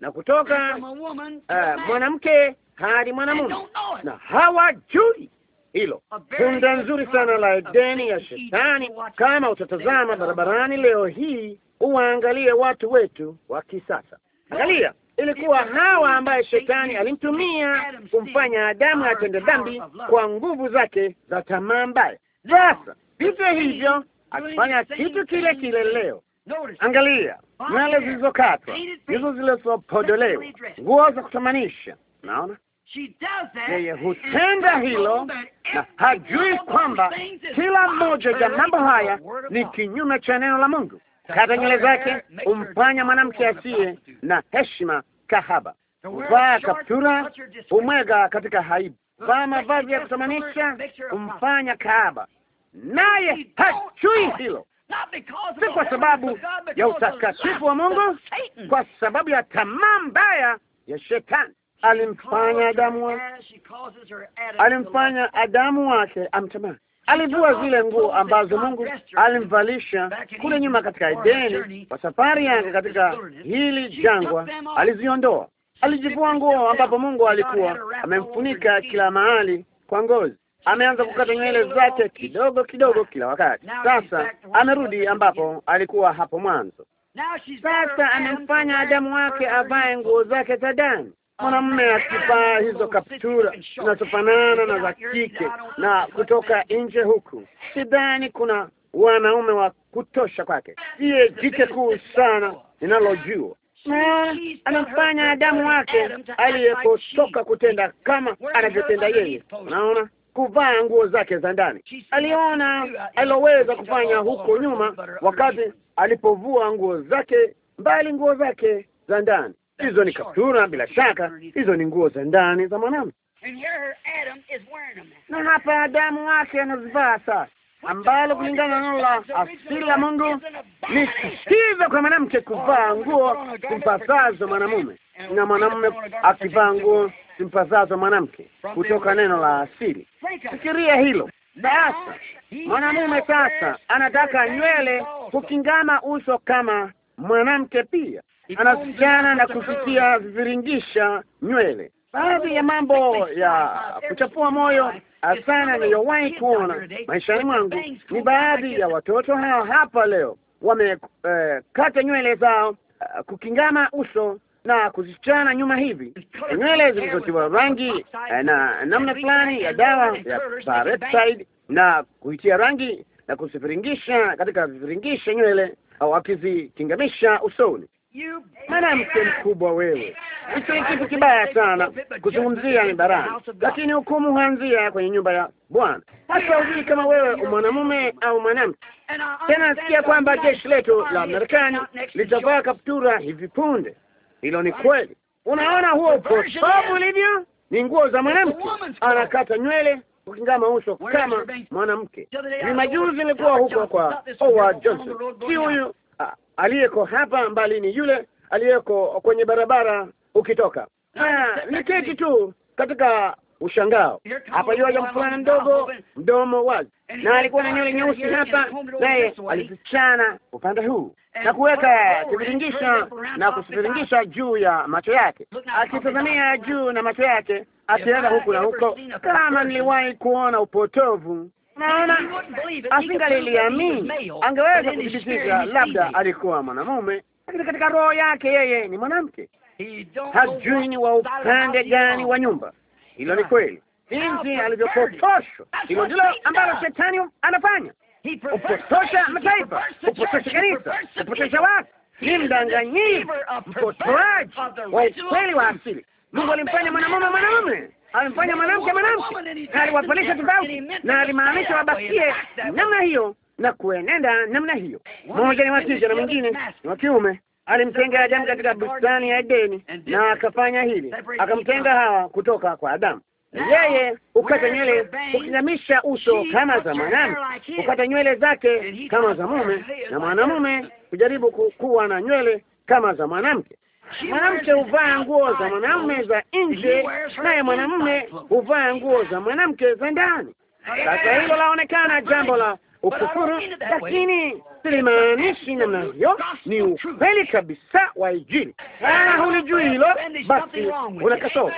na kutoka uh, mwanamke hadi mwanamume, na hawajui hilo tunda nzuri sana la Edeni ya Shetani. Kama utatazama barabarani leo hii, uwaangalie watu wetu wa kisasa, angalia ilikuwa Hawa ambaye shetani alimtumia kumfanya Adamu atende dhambi kwa nguvu zake za tamaa mbaya. Sasa vivyo hivyo akifanya kitu kile kile leo. Angalia nywele zilizokatwa, hizo zilizopodolewa, nguo za kutamanisha. Naona yeye hutenda hilo na hajui kwamba kila mmoja ya mambo haya ni kinyume cha neno la Mungu. Kata nywele zake umfanya mwanamke asiye na heshima kahaba. Vaa kaptura umwega katika haibu. Vaa mavazi ya kutamanisha umfanya kahaba, naye hajui hilo, si kwa sababu ya utakatifu wa Mungu, kwa sababu ya tamaa mbaya ya shetani alimfanya Adamu wa... alimfanya Adamu wake amtamani. Alivua zile nguo ambazo Mungu alimvalisha kule nyuma katika Edeni kwa safari yake katika hili jangwa, aliziondoa. Alijivua nguo ambapo Mungu alikuwa amemfunika kila mahali kwa ngozi. Ameanza kukata nywele zake kidogo kidogo kila wakati. Sasa amerudi ambapo alikuwa hapo mwanzo. Sasa amemfanya Adamu wake avae nguo zake za ndani mwanamume akivaa hizo kaptura zinazofanana na za kike na kutoka nje huku, sidhani kuna wanaume wa kutosha kwake. Siye jike kuu sana ninalojua na anamfanya Adamu wake aliyepotoka kutenda kama anavyotenda yeye. Unaona, kuvaa nguo zake za ndani, aliona aliloweza kufanya huko nyuma, wakati alipovua nguo zake mbali, nguo zake za ndani hizo ni kaptura, bila shaka hizo ni nguo za ndani za mwanamke. Na hapa Adamu wake anazivaa sasa, ambalo kulingana na la asili ya Mungu ni hivyo kwa mwanamke kuvaa oh, nguo zimpasazo mwanamume na mwanamume akivaa nguo zimpasazo mwanamke, kutoka neno la asili. Fikiria hilo sasa. Mwanamume sasa anataka nywele kukingama uso kama mwanamke pia anasikana na kufikia viringisha nywele. Baadhi ya mambo ya kuchapua moyo sana niliyowahi kuona maishani mwangu ni baadhi ya watoto hawa hapa leo wamekata eh, nywele zao uh, kukingama uso na kuzichana nyuma hivi, nywele zilizotiwa rangi eh, na namna fulani ya dawa ya peroxide na kuitia rangi na kuziviringisha katika viviringisha nywele au wakizikingamisha usoni mwanamke mkubwa wewe. Hicho ni kitu kibaya sana kuzungumzia mibarani, lakini hukumu huanzia kwenye nyumba ya Bwana. Hasa hujui kama wewe mwanamume au mwanamke. Tena nasikia kwamba jeshi letu la Marekani litavaa kaptura hivi punde. Hilo ni kweli. Unaona huo upotovu ulivyo? Ni nguo za mwanamke, anakata nywele ukingama uso kama mwanamke. Ni majuzi nilikuwa huko kwa Howard Johnson, si huyu aliyeko hapa mbali ni yule aliyeko kwenye barabara ukitoka. Haya, ni keti tu katika ushangao hapa. Yuaja mvulana mdogo, mdomo wazi, na alikuwa na nywele nyeusi hapa, naye alizichana upande huu na kuweka kiviringisha na kusiviringisha juu ya macho yake, akitazamia juu na macho yake, akienda huku na huko, kama niliwahi kuona upotovu Naona asingaliliamini, angeweza kuthibitisha labda alikuwa mwanamume, lakini katika roho yake yeye ni mwanamke. Hajui ni wa upande gani wa nyumba. Hilo ni kweli, jinsi alivyopotoshwa. Hilo ndilo ambalo shetani anafanya, kupotosha mataifa, kupotosha kanisa, upotosha watu. Ni mdanganyifu, mpotoaji wa ukweli wa asili. Mungu alimfanya mwanamume mwanamume alimfanya mwanamke mwanamke, na aliwafundisha tofauti, na alimaanisha wabakie namna hiyo na kuenenda namna hiyo. Mmoja ni wa kike na mwingine ni wa kiume. Alimtenga Adamu katika bustani ya Edeni na akafanya hili, akamtenga Hawa kutoka kwa Adamu. Yeye ukata nywele, ukinamisha uso kama za mwanamke, ukata nywele zake kama za mume, na mwanamume kujaribu kuwa na nywele kama za mwanamke. Mwanamke huvaa nguo za mwanamume za nje, naye mwanamume huvaa nguo za mwanamke za ndani. Sasa hilo laonekana jambo la ukufuru, lakini silimaanishi namna hiyo. Ni ukweli kabisa wa Injili. Kama ah, hulijui hilo, basi una kasoro,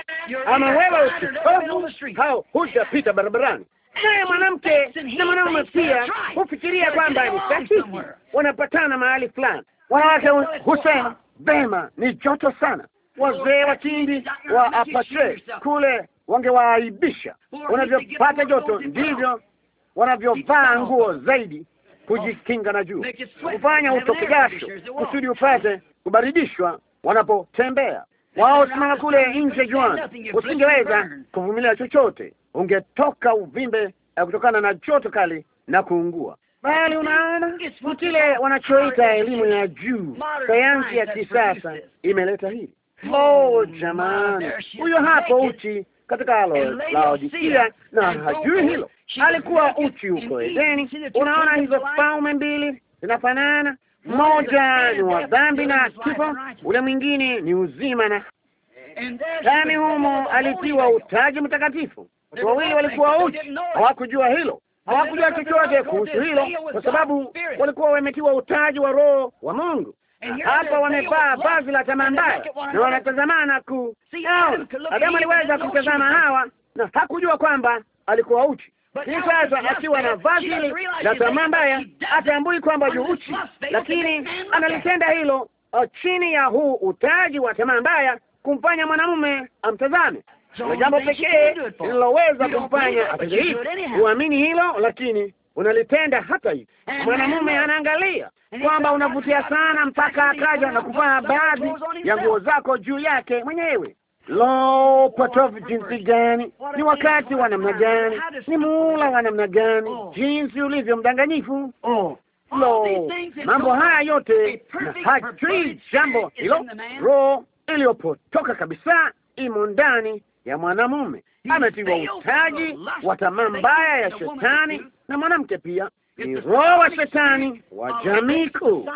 ama wewe usikovu au hujapita barabarani. Naye mwanamke na mwanamume pia hufikiria kwamba ni sahihi, wanapatana mahali fulani. Wanawake husema vema, ni joto sana. Wazee wa kindi wa apatre kule wangewaaibisha. Unavyopata joto ndivyo wanavyovaa nguo zaidi kujikinga na juu, kufanya utoke jasho kusudi upate kubaridishwa wanapotembea wao. Simama kule nje juani, usingeweza kuvumilia chochote, ungetoka uvimbe eh, kutokana na joto kali na kuungua bali unaona kile wanachoita elimu ya juu, sayansi ya kisasa imeleta hili. Oh, oh jamani, huyo hapo uchi katika Laodikia na hajui hilo, alikuwa uchi huko Edeni. Unaona hizo faume mbili zinafanana, mmoja ni wa dhambi na kifo, ule mwingine ni uzima na tani. Humo alitiwa utaji mtakatifu. Watu wawili walikuwa uchi, hawakujua hilo hawakujua chochote kuhusu hilo, kwa sababu walikuwa wametiwa utaji wa Roho wa Mungu. Hapa wamevaa vazi la tamaa mbaya na wanatazamana ku Adamu aliweza kutazama Hawa na hakujua kwamba alikuwa uchi. Lakini sasa akiwa na vazi la tamaa mbaya, atambui kwamba yu uchi, lakini analitenda hilo uh, chini ya huu utaji wa tamaa mbaya kumfanya mwanamume amtazame na jambo pekee linaloweza kumfanya uamini Huamini hilo, lakini unalitenda hata hivi. Mwanamume anaangalia kwamba unavutia sana, mpaka akaja na eh, kuvaa eh, eh, baadhi ya nguo zako juu yake mwenyewe. Lo, potofu jinsi gani! Ni wakati wa namna gani! Ni muula wa namna gani! Jinsi ulivyo mdanganyifu! Oh. Lo, mambo haya yote hajui jambo hilo, roho iliyopotoka kabisa imo ndani ya mwanamume, ametiwa utaji wa tamaa mbaya ya shetani, na mwanamke pia ni roho wa shetani wa jamii kuu.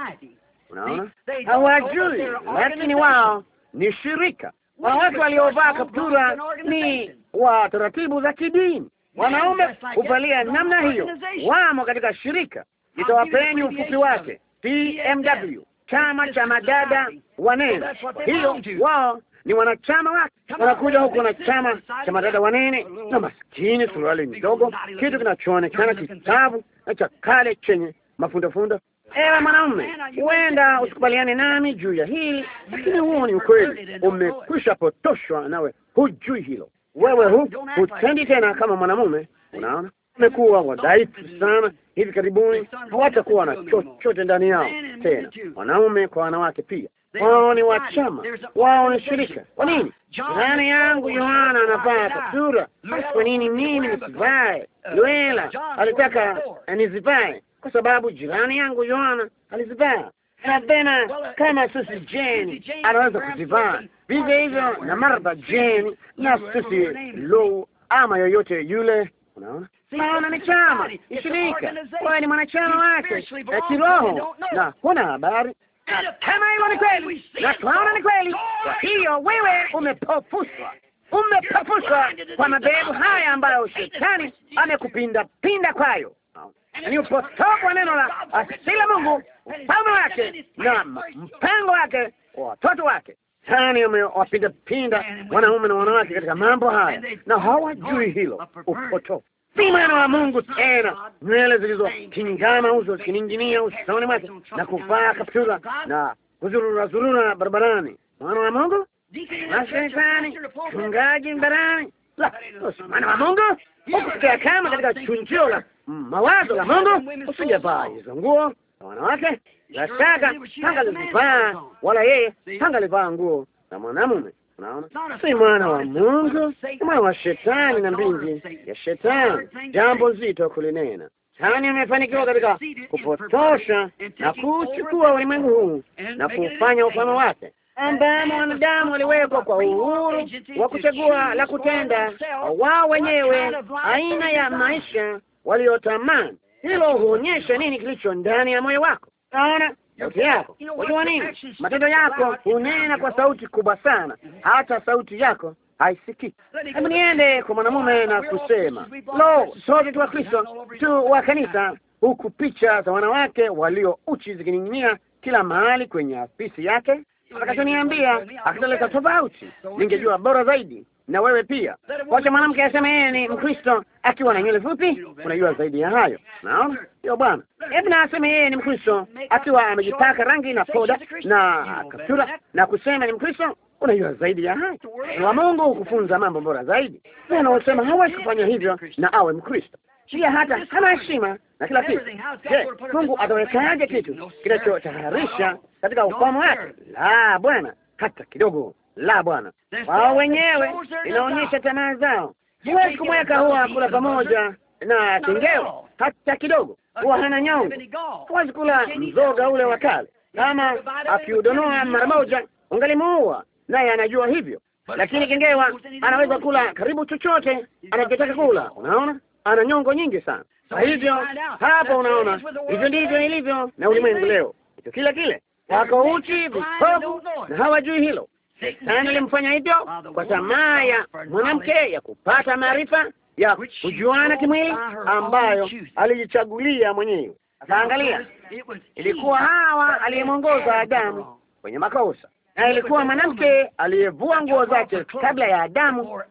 Unaona, hawajui lakini wao ni shirika wa watu waliovaa kaptura, ni wa taratibu za kidini. Wanaume huvalia namna hiyo, wamo katika shirika. itawapeni ufupi wake, PMW, chama cha madada wa neno. Hiyo wao ni wanachama wake wanakuja huku, chama cha madada wanene na maskini, suruali ndogo, kitu kinachoonekana kitabu na cha kale chenye mafundafunda. Ewe mwanaume, huenda usikubaliane nami juu ya hili, lakini huo ni ukweli. Umekwisha potoshwa, nawe hujui hilo. Wewe hu hutendi tena kama mwanamume. Unaona, umekuwa wadhaifu sana. Hivi karibuni hawatakuwa na chochote ndani yao tena, wanaume kwa wanawake pia wao ni wachama, wao ni shirika. Kwa nini jirani yangu Yohana anavaa kaptura? Basi kwa nini mimi nisivae? Luela alitaka nizivae kwa sababu jirani yangu Yohana alizivaa na tena uh, kama sisi Jeni anaweza kuzivaa vivyo hivyo, na Martha Jeni na sisi Lou ama yoyote yule. Unaona, maana ni chama, ishirika, shirika, ni mwanachama wake kiroho na kuna habari kama hilo ni kweli na tunaona ni kweli, kwa hiyo wewe umepofuswa, umepofuswa kwa madhehebu haya ambayo shetani amekupinda pinda kwayo. Ni upotofu wa neno la asili la Mungu, ufalme wake na mpango wake kwa watoto wake. Shetani amewapinda pinda wanaume na wanawake katika mambo haya, na hawajui hilo upotofu si mwana wa Mungu tena, nywele zilizopingana uso zikining'inia usoni mwake na kuvaa kaptura na kuzururazurura barabarani. Mwana wa Mungu maskanisani, mchungaji mbarani, mwana wa Mungu ukufikia kama katika chunjio la mawazo la Mungu, usingevaa hizo nguo na wanawake, bila shaka hangalivaa wala yeye hangalivaa nguo za mwanamume si mwana wa Mungu, mwana wa shetani na mbingi ya shetani. Jambo zito kulinena. Shetani amefanikiwa katika kupotosha na kuchukua ulimwengu huu na kufanya ufano wake, ambamo wanadamu waliwekwa kwa uhuru wa kuchagua la kutenda wao wenyewe, aina ya maisha waliotamani. Hilo huonyesha nini kilicho ndani ya moyo wako. Unaona, sauti yako. Wajua nini? Matendo yako hunena kwa sauti kubwa sana, hata sauti yako haisikiki. Hebu niende kwa mwanamume na kusema, lo, sote tu wa Kristo tu wa kanisa, huku picha za wanawake walio uchi zikining'inia kila mahali kwenye afisi yake. Atakachoniambia akitoleta tofauti, ningejua bora zaidi na wewe pia. Wacha mwanamke aseme yeye ni Mkristo akiwa na nywele fupi. Unajua zaidi ya hayo, naona hiyo bwana. Hebu na aseme yeye ni Mkristo akiwa amejipaka rangi na poda na kaptura na kusema ni Mkristo. Unajua zaidi ya hayo, wa Mungu kufunza mambo bora zaidi. anasema hawezi kufanya hivyo na awe Mkristo pia, hata kama heshima na kila kitu. Je, Mungu atawekaje kitu kinachotaharisha katika ufahamu wake? La bwana, hata kidogo la Bwana. Wao wenyewe inaonyesha tamaa zao. Huwezi kumweka huwa kula pamoja na kengeo hata kidogo, huwa hana nyongo. Huwezi kula mzoga ule wa kale, kama akiudonoa mara moja ungalimuua, naye anajua hivyo. Lakini kengewa anaweza kula karibu chochote anachotaka kula. Unaona, ana nyongo nyingi sana. Kwa hivyo hapo, unaona, hivyo ndivyo ilivyo na ulimwengu leo, kila kile wako uchi, vipofu na hawajui hilo. Shetani alimfanya hivyo kwa tamaa ya mwanamke ya kupata maarifa ya kujuana kimwili ambayo alijichagulia mwenyewe. angalia, ilikuwa Hawa aliyemwongoza Adamu kwenye makosa, na ilikuwa mwanamke aliyevua nguo zake kabla ya Adamu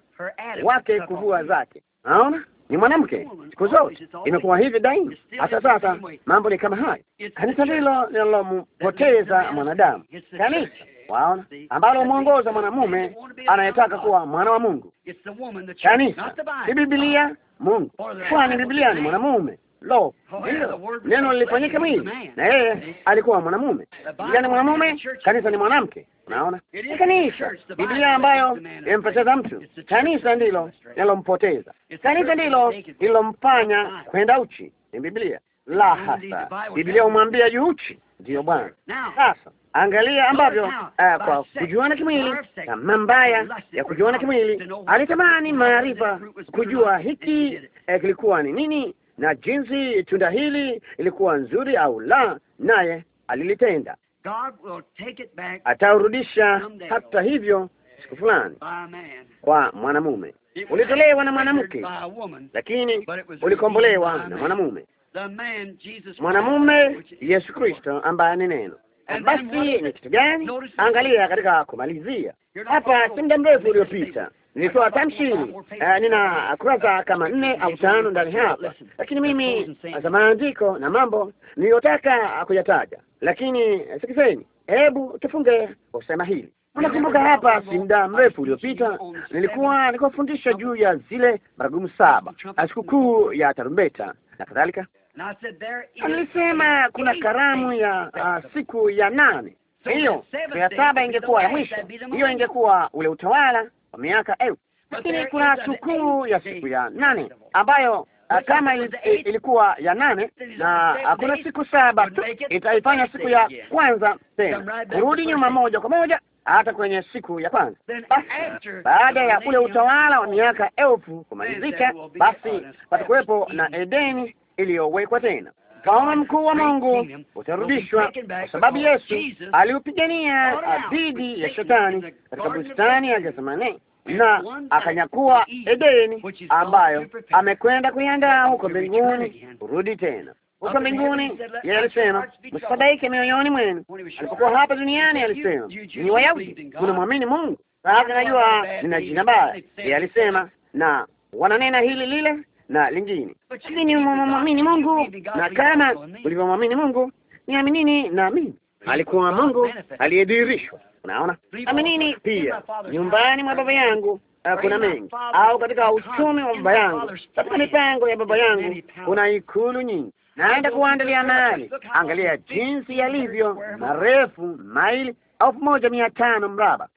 wake kuvua zake. Naona ni mwanamke, siku zote imekuwa hivi daima. Hata sasa mambo ni kama haya. Kanisa ndilo linalompoteza mwanadamu, kanisa waona, ambalo mwongoza mwanamume anayetaka kuwa mwana wa Mungu. Kanisa ni Biblia, Mungu, kwani Biblia ni mwanamume. Lo, neno lilifanyika mwili na yeye alikuwa mwanamume. Biblia ni mwanamume, kanisa ni mwanamke. Unaona, ni kanisa, Biblia ambayo imempoteza mtu, kanisa ndilo lilompoteza, kanisa ndilo lilomfanya kwenda uchi, ni Biblia. La hasa, Biblia humwambia juu uchi, ndiyo Bwana. Sasa Angalia ambavyo uh, kwa kujuana kimwili, tamaa mbaya ya kujuana kimwili, alitamani maarifa, kujua hiki eh, kilikuwa ni nini na jinsi tunda hili ilikuwa nzuri au la, naye alilitenda. Ataurudisha hata hivyo siku fulani kwa mwanamume. Ulitolewa na mwanamke, lakini ulikombolewa na mwanamume. Mwanamume Yesu Kristo ambaye ni neno basi ni kitu gani? Angalia, katika kumalizia hapa, si muda mrefu uliopita nilitoa tamshi. Eh, nina kurasa kama nne au tano ndani hapa, lakini mimi za maandiko na mambo niliyotaka kuyataja, lakini eh, sikizeni, hebu tufunge usema hili. Unakumbuka hapa, si muda mrefu uliopita nilikuwa nikufundisha juu ya zile baragumu saba, sikukuu ya tarumbeta na kadhalika. Alisema kuna karamu ya uh, siku ya nane, hiyo ya saba ingekuwa ya mwisho, hiyo ingekuwa ule utawala wa miaka elfu, lakini kuna sikukuu ya siku ya nane ambayo ah, kama il, il, ilikuwa ya nane na hakuna siku saba tu, itaifanya siku ya kwanza tena kurudi nyuma moja kwa moja hata kwenye siku ya kwanza. Basi baada ya ule utawala wa miaka elfu kumalizika, basi patakuwepo na Edeni iliyowekwa tena. Utaona mkuu wa Mungu utarudishwa kwa sababu Yesu aliupigania dhidi ya shetani katika bustani ya Gethsemane na akanyakua Edeni ambayo amekwenda kuiandaa huko mbinguni kurudi tena huko mbinguni. Yeye alisema msifadhaike mioyoni mwenu. Alipokuwa hapa duniani alisema ni Wayahudi unamwamini Mungu, sasa najua nina jina baya. Yeye alisema na wananena hili lile na lingine. Ni mwamini Mungu, na kama ulivyomwamini Mungu niaminini na mimi. Alikuwa Mungu aliyedhihirishwa. Unaona, aminini pia. Nyumbani mwa baba yangu eh, kuna mengi, au katika uchumi wa baba yangu, katika mipango ya baba yangu kuna ikulu nyingi, naenda kuandalia mahali. Angalia jinsi yalivyo marefu, maili elfu moja mia tano mraba.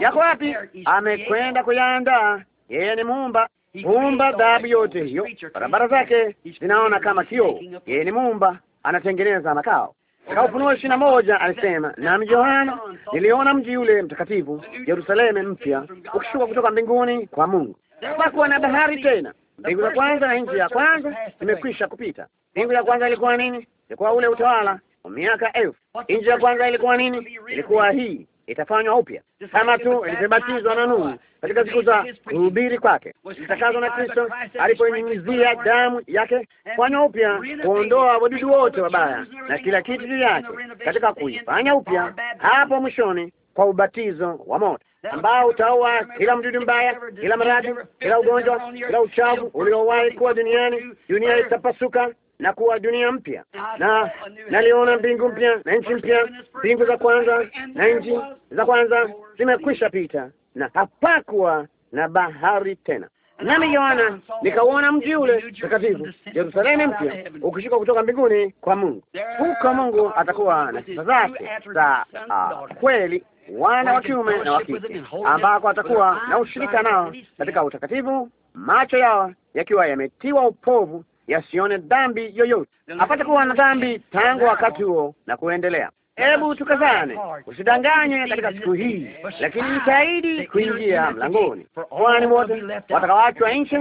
Yako wapi? Amekwenda kuyaandaa. Yeye ni muumba muumba dhahabu yote hiyo, barabara zake zinaona kama kioo. Yeye ni muumba, anatengeneza makao. Katika Ufunuo ishirini na moja alisema, nami Yohana niliona mji yule mtakatifu Yerusalemu mpya ukishuka kutoka mbinguni kwa Mungu. Hapakuwa na bahari tena. Mbingu ya kwanza na nchi ya kwanza imekwisha kupita. Mbingu ya kwanza ilikuwa nini? Ilikuwa ule utawala wa miaka elfu. Nchi ya kwanza ilikuwa nini? Ilikuwa hii itafanywa upya kama tu ilivyobatizwa na Nuhu katika siku za kuhubiri kwake, ilitakazwa na Kristo aliponyunyizia damu yake, kufanywa upya, kuondoa wadudu wote wabaya na kila kitu juu yake, katika kuifanya upya hapo mwishoni kwa ubatizo wa moto ambao utaua kila mdudu mbaya, kila maradhi, kila ugonjwa, kila uchafu uliowahi kuwa duniani. Dunia itapasuka na kuwa dunia mpya, na naliona mbingu mpya na nchi mpya. Mbingu za kwanza na nchi za kwanza zimekwisha pita, na hapakuwa na bahari tena. Nami Yohana nikauona mji ule mtakatifu Yerusalemu mpya ukishuka kutoka mbinguni kwa Mungu. Huko Mungu atakuwa na sifa zake za ah, kweli, wana wa kiume na wa kike, ambako atakuwa na ushirika nao katika utakatifu, macho yao yakiwa yametiwa upovu yasione dhambi yoyote, apate kuwa na dhambi tangu wakati huo na kuendelea. Hebu tukazane, usidanganye katika siku hii, lakini jitahidi kuingia mlangoni, kwani wote watakaoachwa nje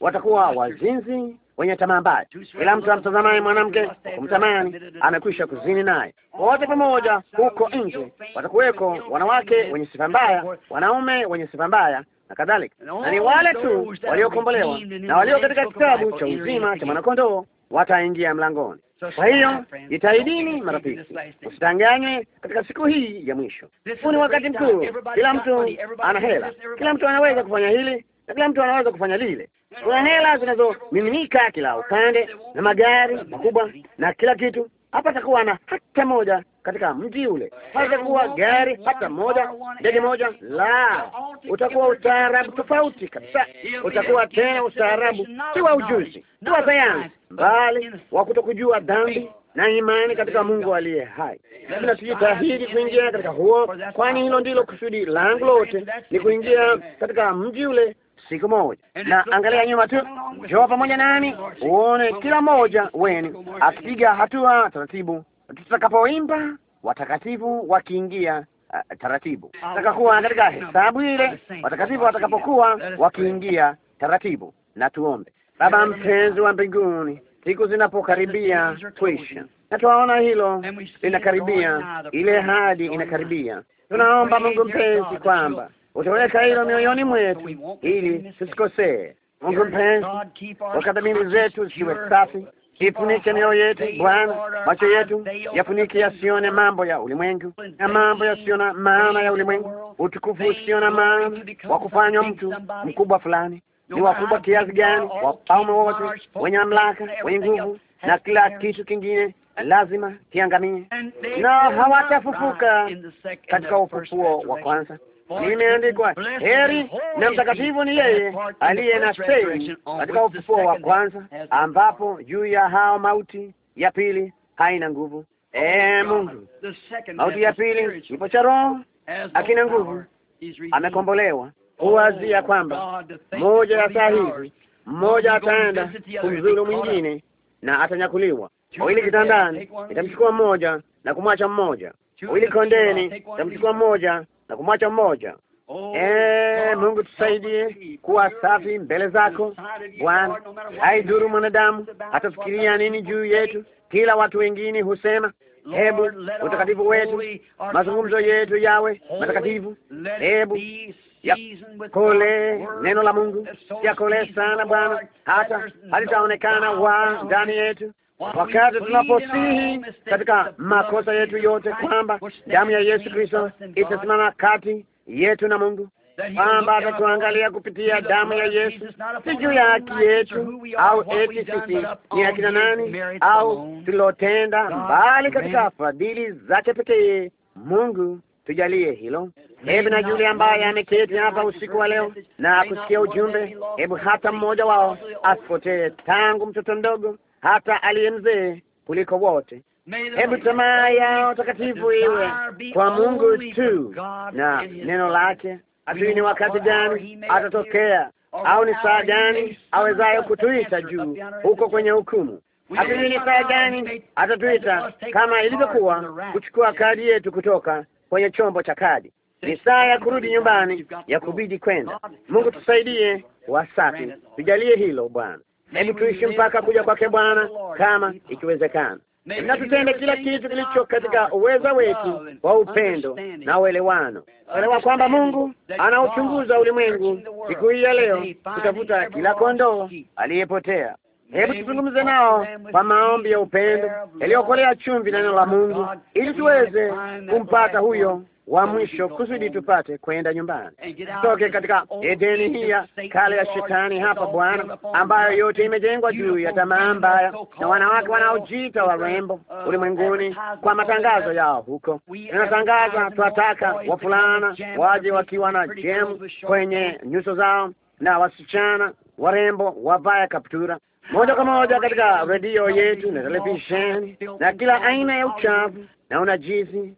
watakuwa wazinzi wenye tamaa mbaya. Kila mtu amtazamaye mwanamke kumtamani amekwisha kuzini naye. Wote pamoja huko nje watakuweko wanawake wenye sifa mbaya, wanaume wenye sifa mbaya, na kadhalika, na ni wale tu waliokombolewa na walio katika kitabu cha uzima cha mwanakondoo wataingia mlangoni. Kwa hiyo jitahidini, marafiki, usitanganywe katika siku hii ya mwisho. Huu ni wakati mkuu, kila mtu ana hela, kila mtu anaweza kufanya hili na kila mtu anaweza kufanya lile. Kuna hela zinazomiminika kila upande na magari makubwa na kila kitu. Hapa takuwa na hata moja katika mji ule. Hatakuwa gari hata moja, ndege moja, la, utakuwa ustaarabu tofauti kabisa. Utakuwa tena ustaarabu si wa ujuzi, si wa sayansi, bali wa kutokujua dhambi na imani katika Mungu aliye hai. tujitahidi kuingia katika huo, kwani hilo ndilo kusudi langu lote, ni kuingia katika mji ule siku moja. Na angalia nyuma tu, njoo pamoja nami uone kila mmoja wenu akipiga hatua taratibu tutakapoimba watakatifu wakiingia uh, taratibu. takakuwa katika hesabu ile, watakatifu watakapokuwa wakiingia taratibu. Na tuombe. Baba mpenzi wa mbinguni, siku zinapokaribia kwisha, na tunaona hilo linakaribia, ile hadi inakaribia, tunaomba Mungu mpenzi kwamba utaweka hilo mioyoni mwetu ili tusikosee. Mungu mpenzi, wakati mili zetu ziwe safi kifunike mioyo yetu Bwana, macho yetu yafunike yasione mambo ya ulimwengu na mambo yasiyo na maana ya ulimwengu, utukufu usio na maana wa kufanywa mtu mkubwa fulani. Ni wakubwa kiasi gani? Wapaume wote wenye mamlaka, wenye nguvu na kila kitu kingine lazima kiangamie, na hawatafufuka katika ufufuo wa kwanza. Limeandikwa, heri na mtakatifu ni yeye aliye na sei katika ufufuo wa kwanza, ambapo juu ya hao mauti ya pili haina nguvu. Ee Mungu, mauti ya pili ipo cha roho akina nguvu, amekombolewa huwazia kwamba mmoja ya saa hizi mmoja ataenda kumzuru mwingine na atanyakuliwa. Wawili kitandani itamchukua mmoja na kumwacha mmoja, wawili kondeni itamchukua mmoja na kumwacha mmoja. e Mungu, tusaidie kuwa safi mbele zako Bwana. Haidhuru mwanadamu atafikiria nini juu yetu, kila watu wengine husema hebu utakatifu wetu, mazungumzo yetu yawe matakatifu, hebu yakole neno la Mungu yakole sana Bwana, hata halitaonekana wa ndani yetu wakati tunaposihi katika makosa yetu yote, kwamba damu ya Yesu Kristo itasimama kati yetu na Mungu, kwamba atatuangalia kupitia damu ya Yesu, si juu ya haki yetu au eti sisi ni akina nani au tulilotenda, mbali katika fadhili zake pekee. Mungu tujalie hilo. Hebu na yule ambaye ameketi hapa usiku wa leo na kusikia ujumbe, hebu hata mmoja wao asipotee, tangu mtoto mdogo hata aliye mzee kuliko wote. Hebu tamaa yao takatifu iwe kwa Mungu tu na neno lake. Hatujui ni wakati gani atatokea au ni saa gani awezayo kutuita juu huko kwenye hukumu. Hatujui ni saa gani atatuita, kama ilivyokuwa kuchukua kadi yetu kutoka kwenye chombo cha kadi. Ni saa ya kurudi nyumbani, ya kubidi kwenda. Mungu tusaidie, wasafi, tujalie hilo Bwana. Hebu tuishi mpaka kuja kwake Bwana kama ikiwezekana, na tutende kila kitu kilicho katika uweza wetu wa upendo na uelewano, elewa kwamba Mungu anauchunguza ulimwengu siku hii ya leo kutafuta kila kondoo aliyepotea. Hebu tuzungumze nao kwa maombi ya upendo yaliyokolea chumvi na neno la Mungu, ili tuweze kumpata huyo wa mwisho kusudi tupate kwenda nyumbani, tutoke katika Edeni hii ya kale ya shetani hapa Bwana, ambayo yote imejengwa juu ya tamaa mbaya na wanawake wanaojiita warembo ulimwenguni kwa matangazo yao huko. Inatangaza tunataka wafulana waje wakiwa na jemu kwenye nyuso zao na wasichana warembo wavaya kaptura moja kwa moja katika redio yetu na televisheni na kila aina ya uchafu na unajizi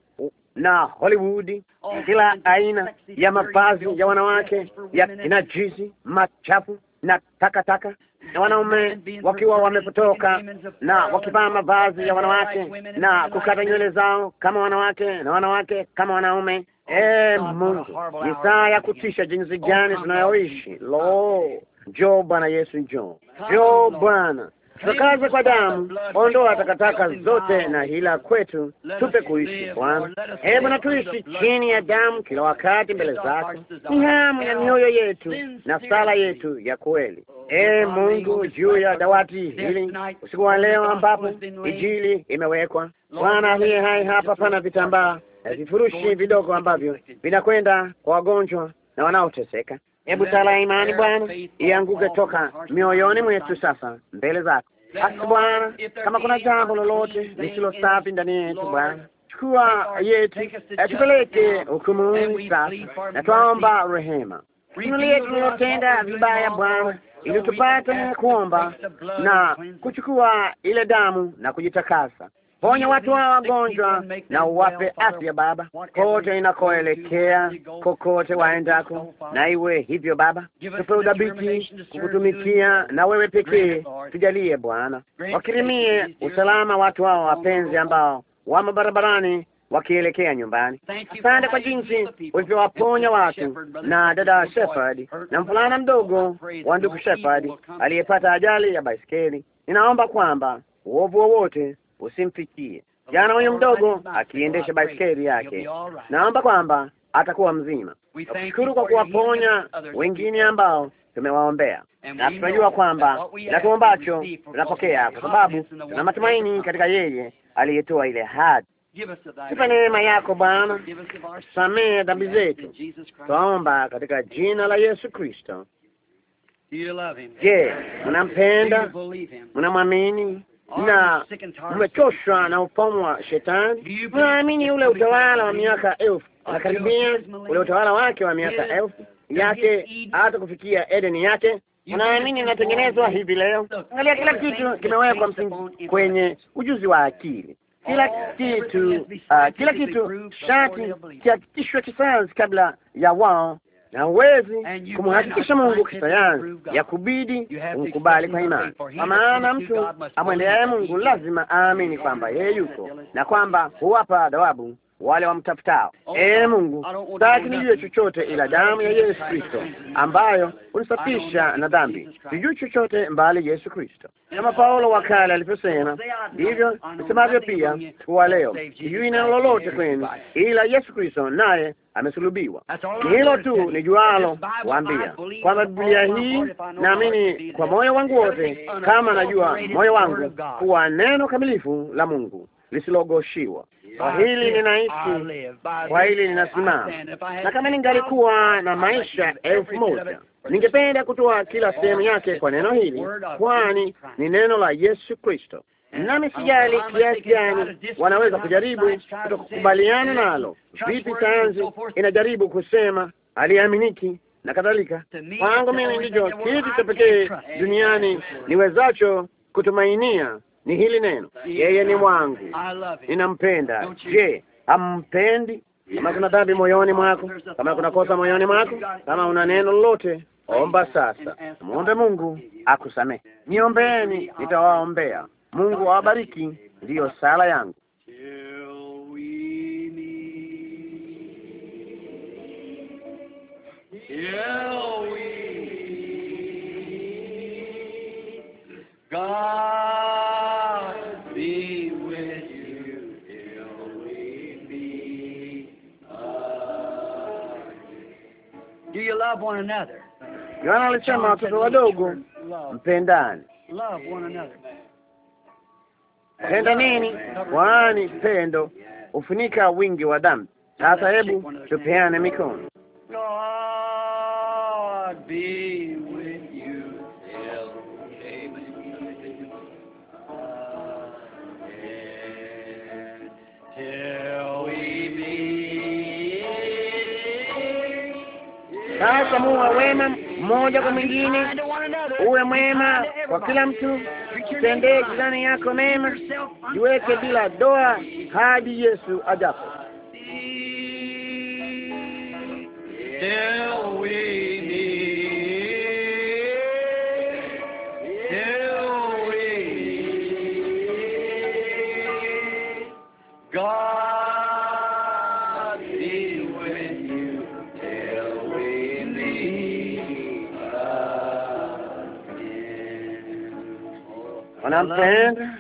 na Hollywood, kila aina ya mavazi ya wanawake ya jizi machafu na takataka taka, na wanaume wakiwa wamepotoka na wakivaa mavazi ya wanawake na kukata nywele zao kama wanawake na wanawake kama wanaume. Oh, eh, Mungu, ni saa ya kutisha jinsi gani tunayoishi! Lo, njoo Bwana Yesu, njoo, njoo Bwana tutakaza kwa damu, ondoa takataka zote na hila kwetu, tupe kuishi Bwana. Hebu na tuishi chini ya damu kila wakati mbele zake ni hamu ya mioyo yetu na sala yetu ya kweli. E Mungu, juu ya dawati hili usiku wa leo ambapo ijili imewekwa Bwana aliye hai, hapa pana vitambaa vifurushi vidogo ambavyo vinakwenda kwa wagonjwa na wanaoteseka. Hebu sala imani Bwana ianguke toka mioyoni mwetu sasa mbele zako. Basi Bwana, kama kuna jambo lolote lisilo safi ndani yetu Bwana chukua yetu, tupeleke hukumuni sasa, na twaomba rehema tunulie tunayotenda vibaya Bwana, ili tupate kuomba na kuchukua ile damu na kujitakasa Ponya watu hawa wagonjwa na uwape afya Baba, kote inakoelekea, kokote waendako, na iwe hivyo Baba. Tupe udhabiti kukutumikia na wewe pekee, tujalie Bwana. Wakirimie usalama watu hawa wapenzi, ambao wamo barabarani wakielekea nyumbani. Asante kwa jinsi ulivyowaponya watu na dada Shepherd na mvulana mdogo oh, wa ndugu Shepherd aliyepata ajali ya baiskeli. Ninaomba kwamba uovu wowote usimfikie. Jana huyu mdogo akiendesha baiskeli yake, naomba kwamba atakuwa mzima. Shukuru kwa kuwaponya wengine ambao tumewaombea, na tunajua kwamba na ambacho tunapokea, kwa sababu tuna matumaini katika yeye aliyetoa ile hadi. Tupe neema yako Bwana, samehe dhambi zetu, twaomba katika jina la Yesu Kristo. Je, mnampenda? Mnamwamini? Oh, na umechoshwa na upomo wa Shetani. Unaamini ule utawala wa miaka elfu karibia ule utawala wake wa miaka elfu yake hata kufikia Edeni yake. Unaamini inatengenezwa hivi leo? Angalia, kila kitu kimewekwa msingi kwenye ujuzi wa akili kila kitu uh, kila kitu shati kihakikishwe kisayansi kabla ya wao na uwezi kumhakikisha Mungu kisayansi, ya kubidi umkubali kwa imani, kwa maana mtu amwendeaye Mungu lazima aamini kwamba yeye yuko na kwamba huwapa dawabu wale wamtafutao. Oh, ee Mungu, sitaki nijue chochote ila damu ya Yesu Kristo ambayo unisafisha na dhambi. Sijui chochote mbali Yesu Kristo. Kama Paulo wa kale alivyosema, ndivyo nisemavyo pia kuwa leo, sijui neno lolote kwenu ila Yesu Kristo naye amesulubiwa. Ni hilo tu ni jualo kuambia kwamba Biblia hii, naamini kwa moyo wangu wote, kama najua moyo wangu, kuwa neno kamilifu la Mungu lisilogoshiwa kwa hili ninaishi, kwa hili ninasimama, na kama ningalikuwa na maisha elfu moja ningependa kutoa kila sehemu yake kwa neno hili, kwani ni neno la Yesu Kristo. Nami sijali kiasi gani wanaweza kujaribu kutokukubaliana nalo, vipi sayansi inajaribu kusema aliaminiki na kadhalika. Kwangu mimi ndicho kitu cha pekee duniani niwezacho kutumainia ni hili neno, yeye ni wangu, ninampenda. Je, hampendi? Kama kuna dhambi moyoni mwako, kama kuna kosa moyoni mwako, kama una neno lolote, omba sasa, muombe Mungu akusamehe. Niombeeni, nitawaombea. Mungu awabariki, ndiyo sala yangu. God Yohana alisema watoto wadogo mpendani. Penda nini? Kwani pendo hufunika wingi wa dhambi. Sasa hebu tupeane mikono. Sasa muwe wema mmoja kwa mwingine, uwe mwema kwa kila mtu, utendee jirani yako mema, jiweke bila doa hadi Yesu ajapo. nampenda.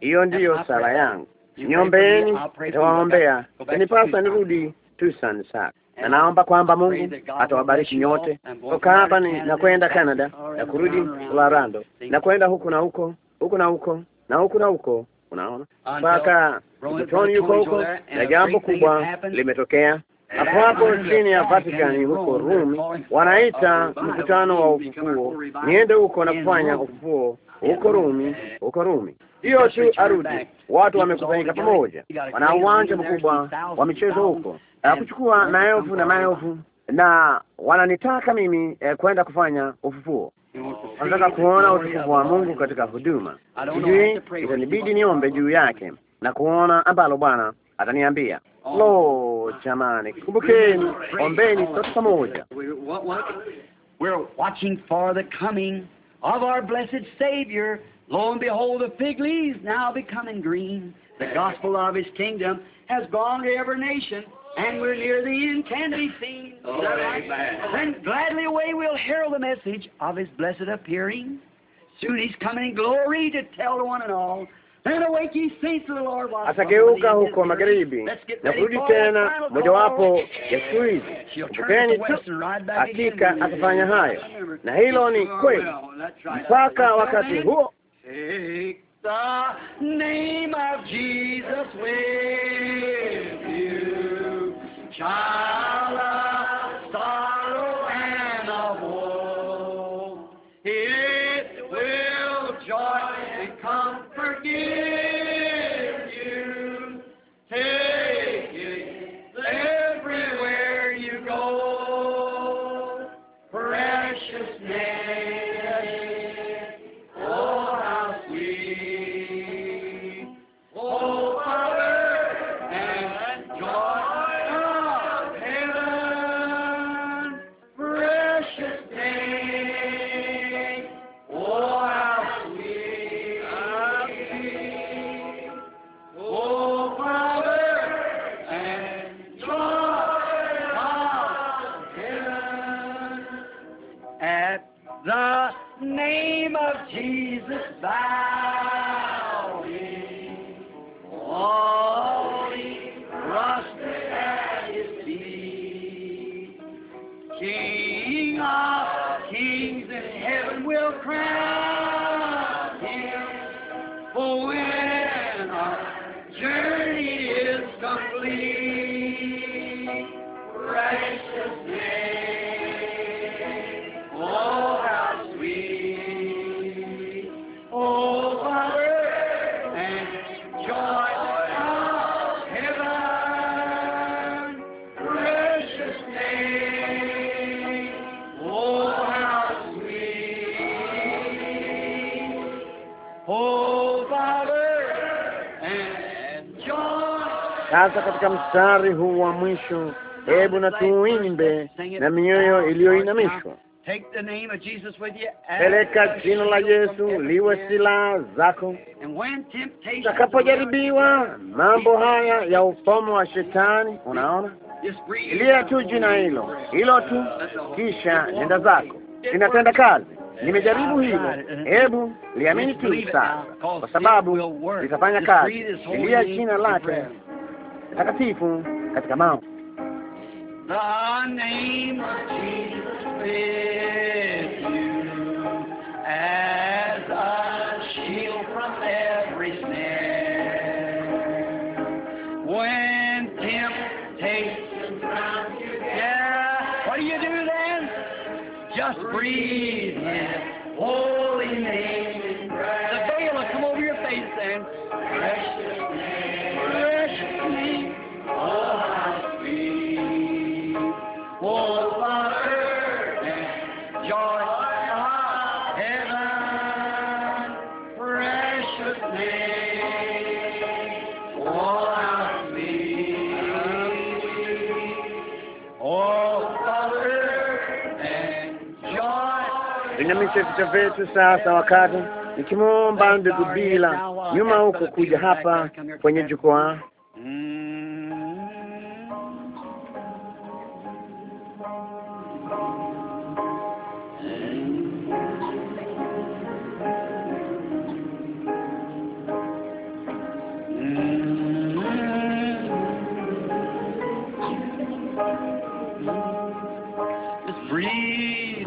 Hiyo ndiyo sala yangu, niombeni, nitawaombea. Inipasa nirudi Tucson sasa, na naomba kwamba Mungu atawabariki nyote. Toka hapa na kwenda Canada na kurudi Colorado na kwenda huku na huko huku na huko na huku na huko, unaona mpaka Tony yuko huko, na jambo kubwa limetokea hapo hapo chini ya Vatican huko Rumi, wanaita mkutano wa ufufuo. Niende huko na kufanya ufufuo huko Rumi, huko Rumi. Hiyo tu arudi, watu wamekusanyika pamoja, wana uwanja mkubwa wa michezo huko, kuchukua maelfu na maelfu, na wananitaka mimi eh, kwenda kufanya ufufuo. Wanataka kuona utukufu wa Mungu katika huduma. Sijui itanibidi niombe juu yake na kuona ambalo Bwana ataniambia. Oh. Lo, jamani, kumbukeni, ombeni sote pamoja. of our blessed Savior, lo and behold, the fig leaves now becoming green. The gospel of His kingdom has gone to every nation, and we're near the end, can be seen. Oh, right? Then gladly away we'll herald the message of His blessed appearing. Soon He's coming in glory to tell to one and all Atageuka huko magharibi na kurudi tena, mojawapo ya siku hizi. Kumbukeni tu, hakika atafanya hayo, na hilo ni kweli. Mpaka wakati huo Sasa katika mstari huu wa mwisho, hebu na tuimbe na mioyo iliyoinamishwa. Peleka jina la Yesu liwe silaha zako. Utakapojaribiwa mambo haya ya ufomo wa Shetani, unaona, ilia tu jina hilo hilo tu, kisha nenda zako. Inatenda kazi. Nimejaribu hilo, hebu liamini tu sasa, kwa sababu litafanya kazi. Ilia jina lake takatifu katika mao tuinamishe vichwa vyetu sasa, wakati nikimwomba ndugu bila nyuma huko kuja hapa kwenye jukwaa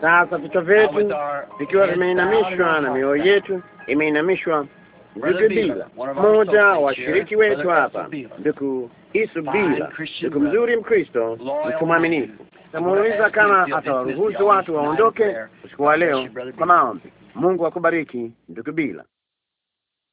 Sasa vichwa vyetu vikiwa vimeinamishwa na mioyo yetu imeinamishwa ndugu bila mmoja wa shiriki wetu hapa, ndugu Isu bila ndugu mzuri Mkristo mkumwaminifu, namuuliza kama atawaruhusu watu waondoke usiku wa leo kwa maombi. Mungu akubariki ndugu bila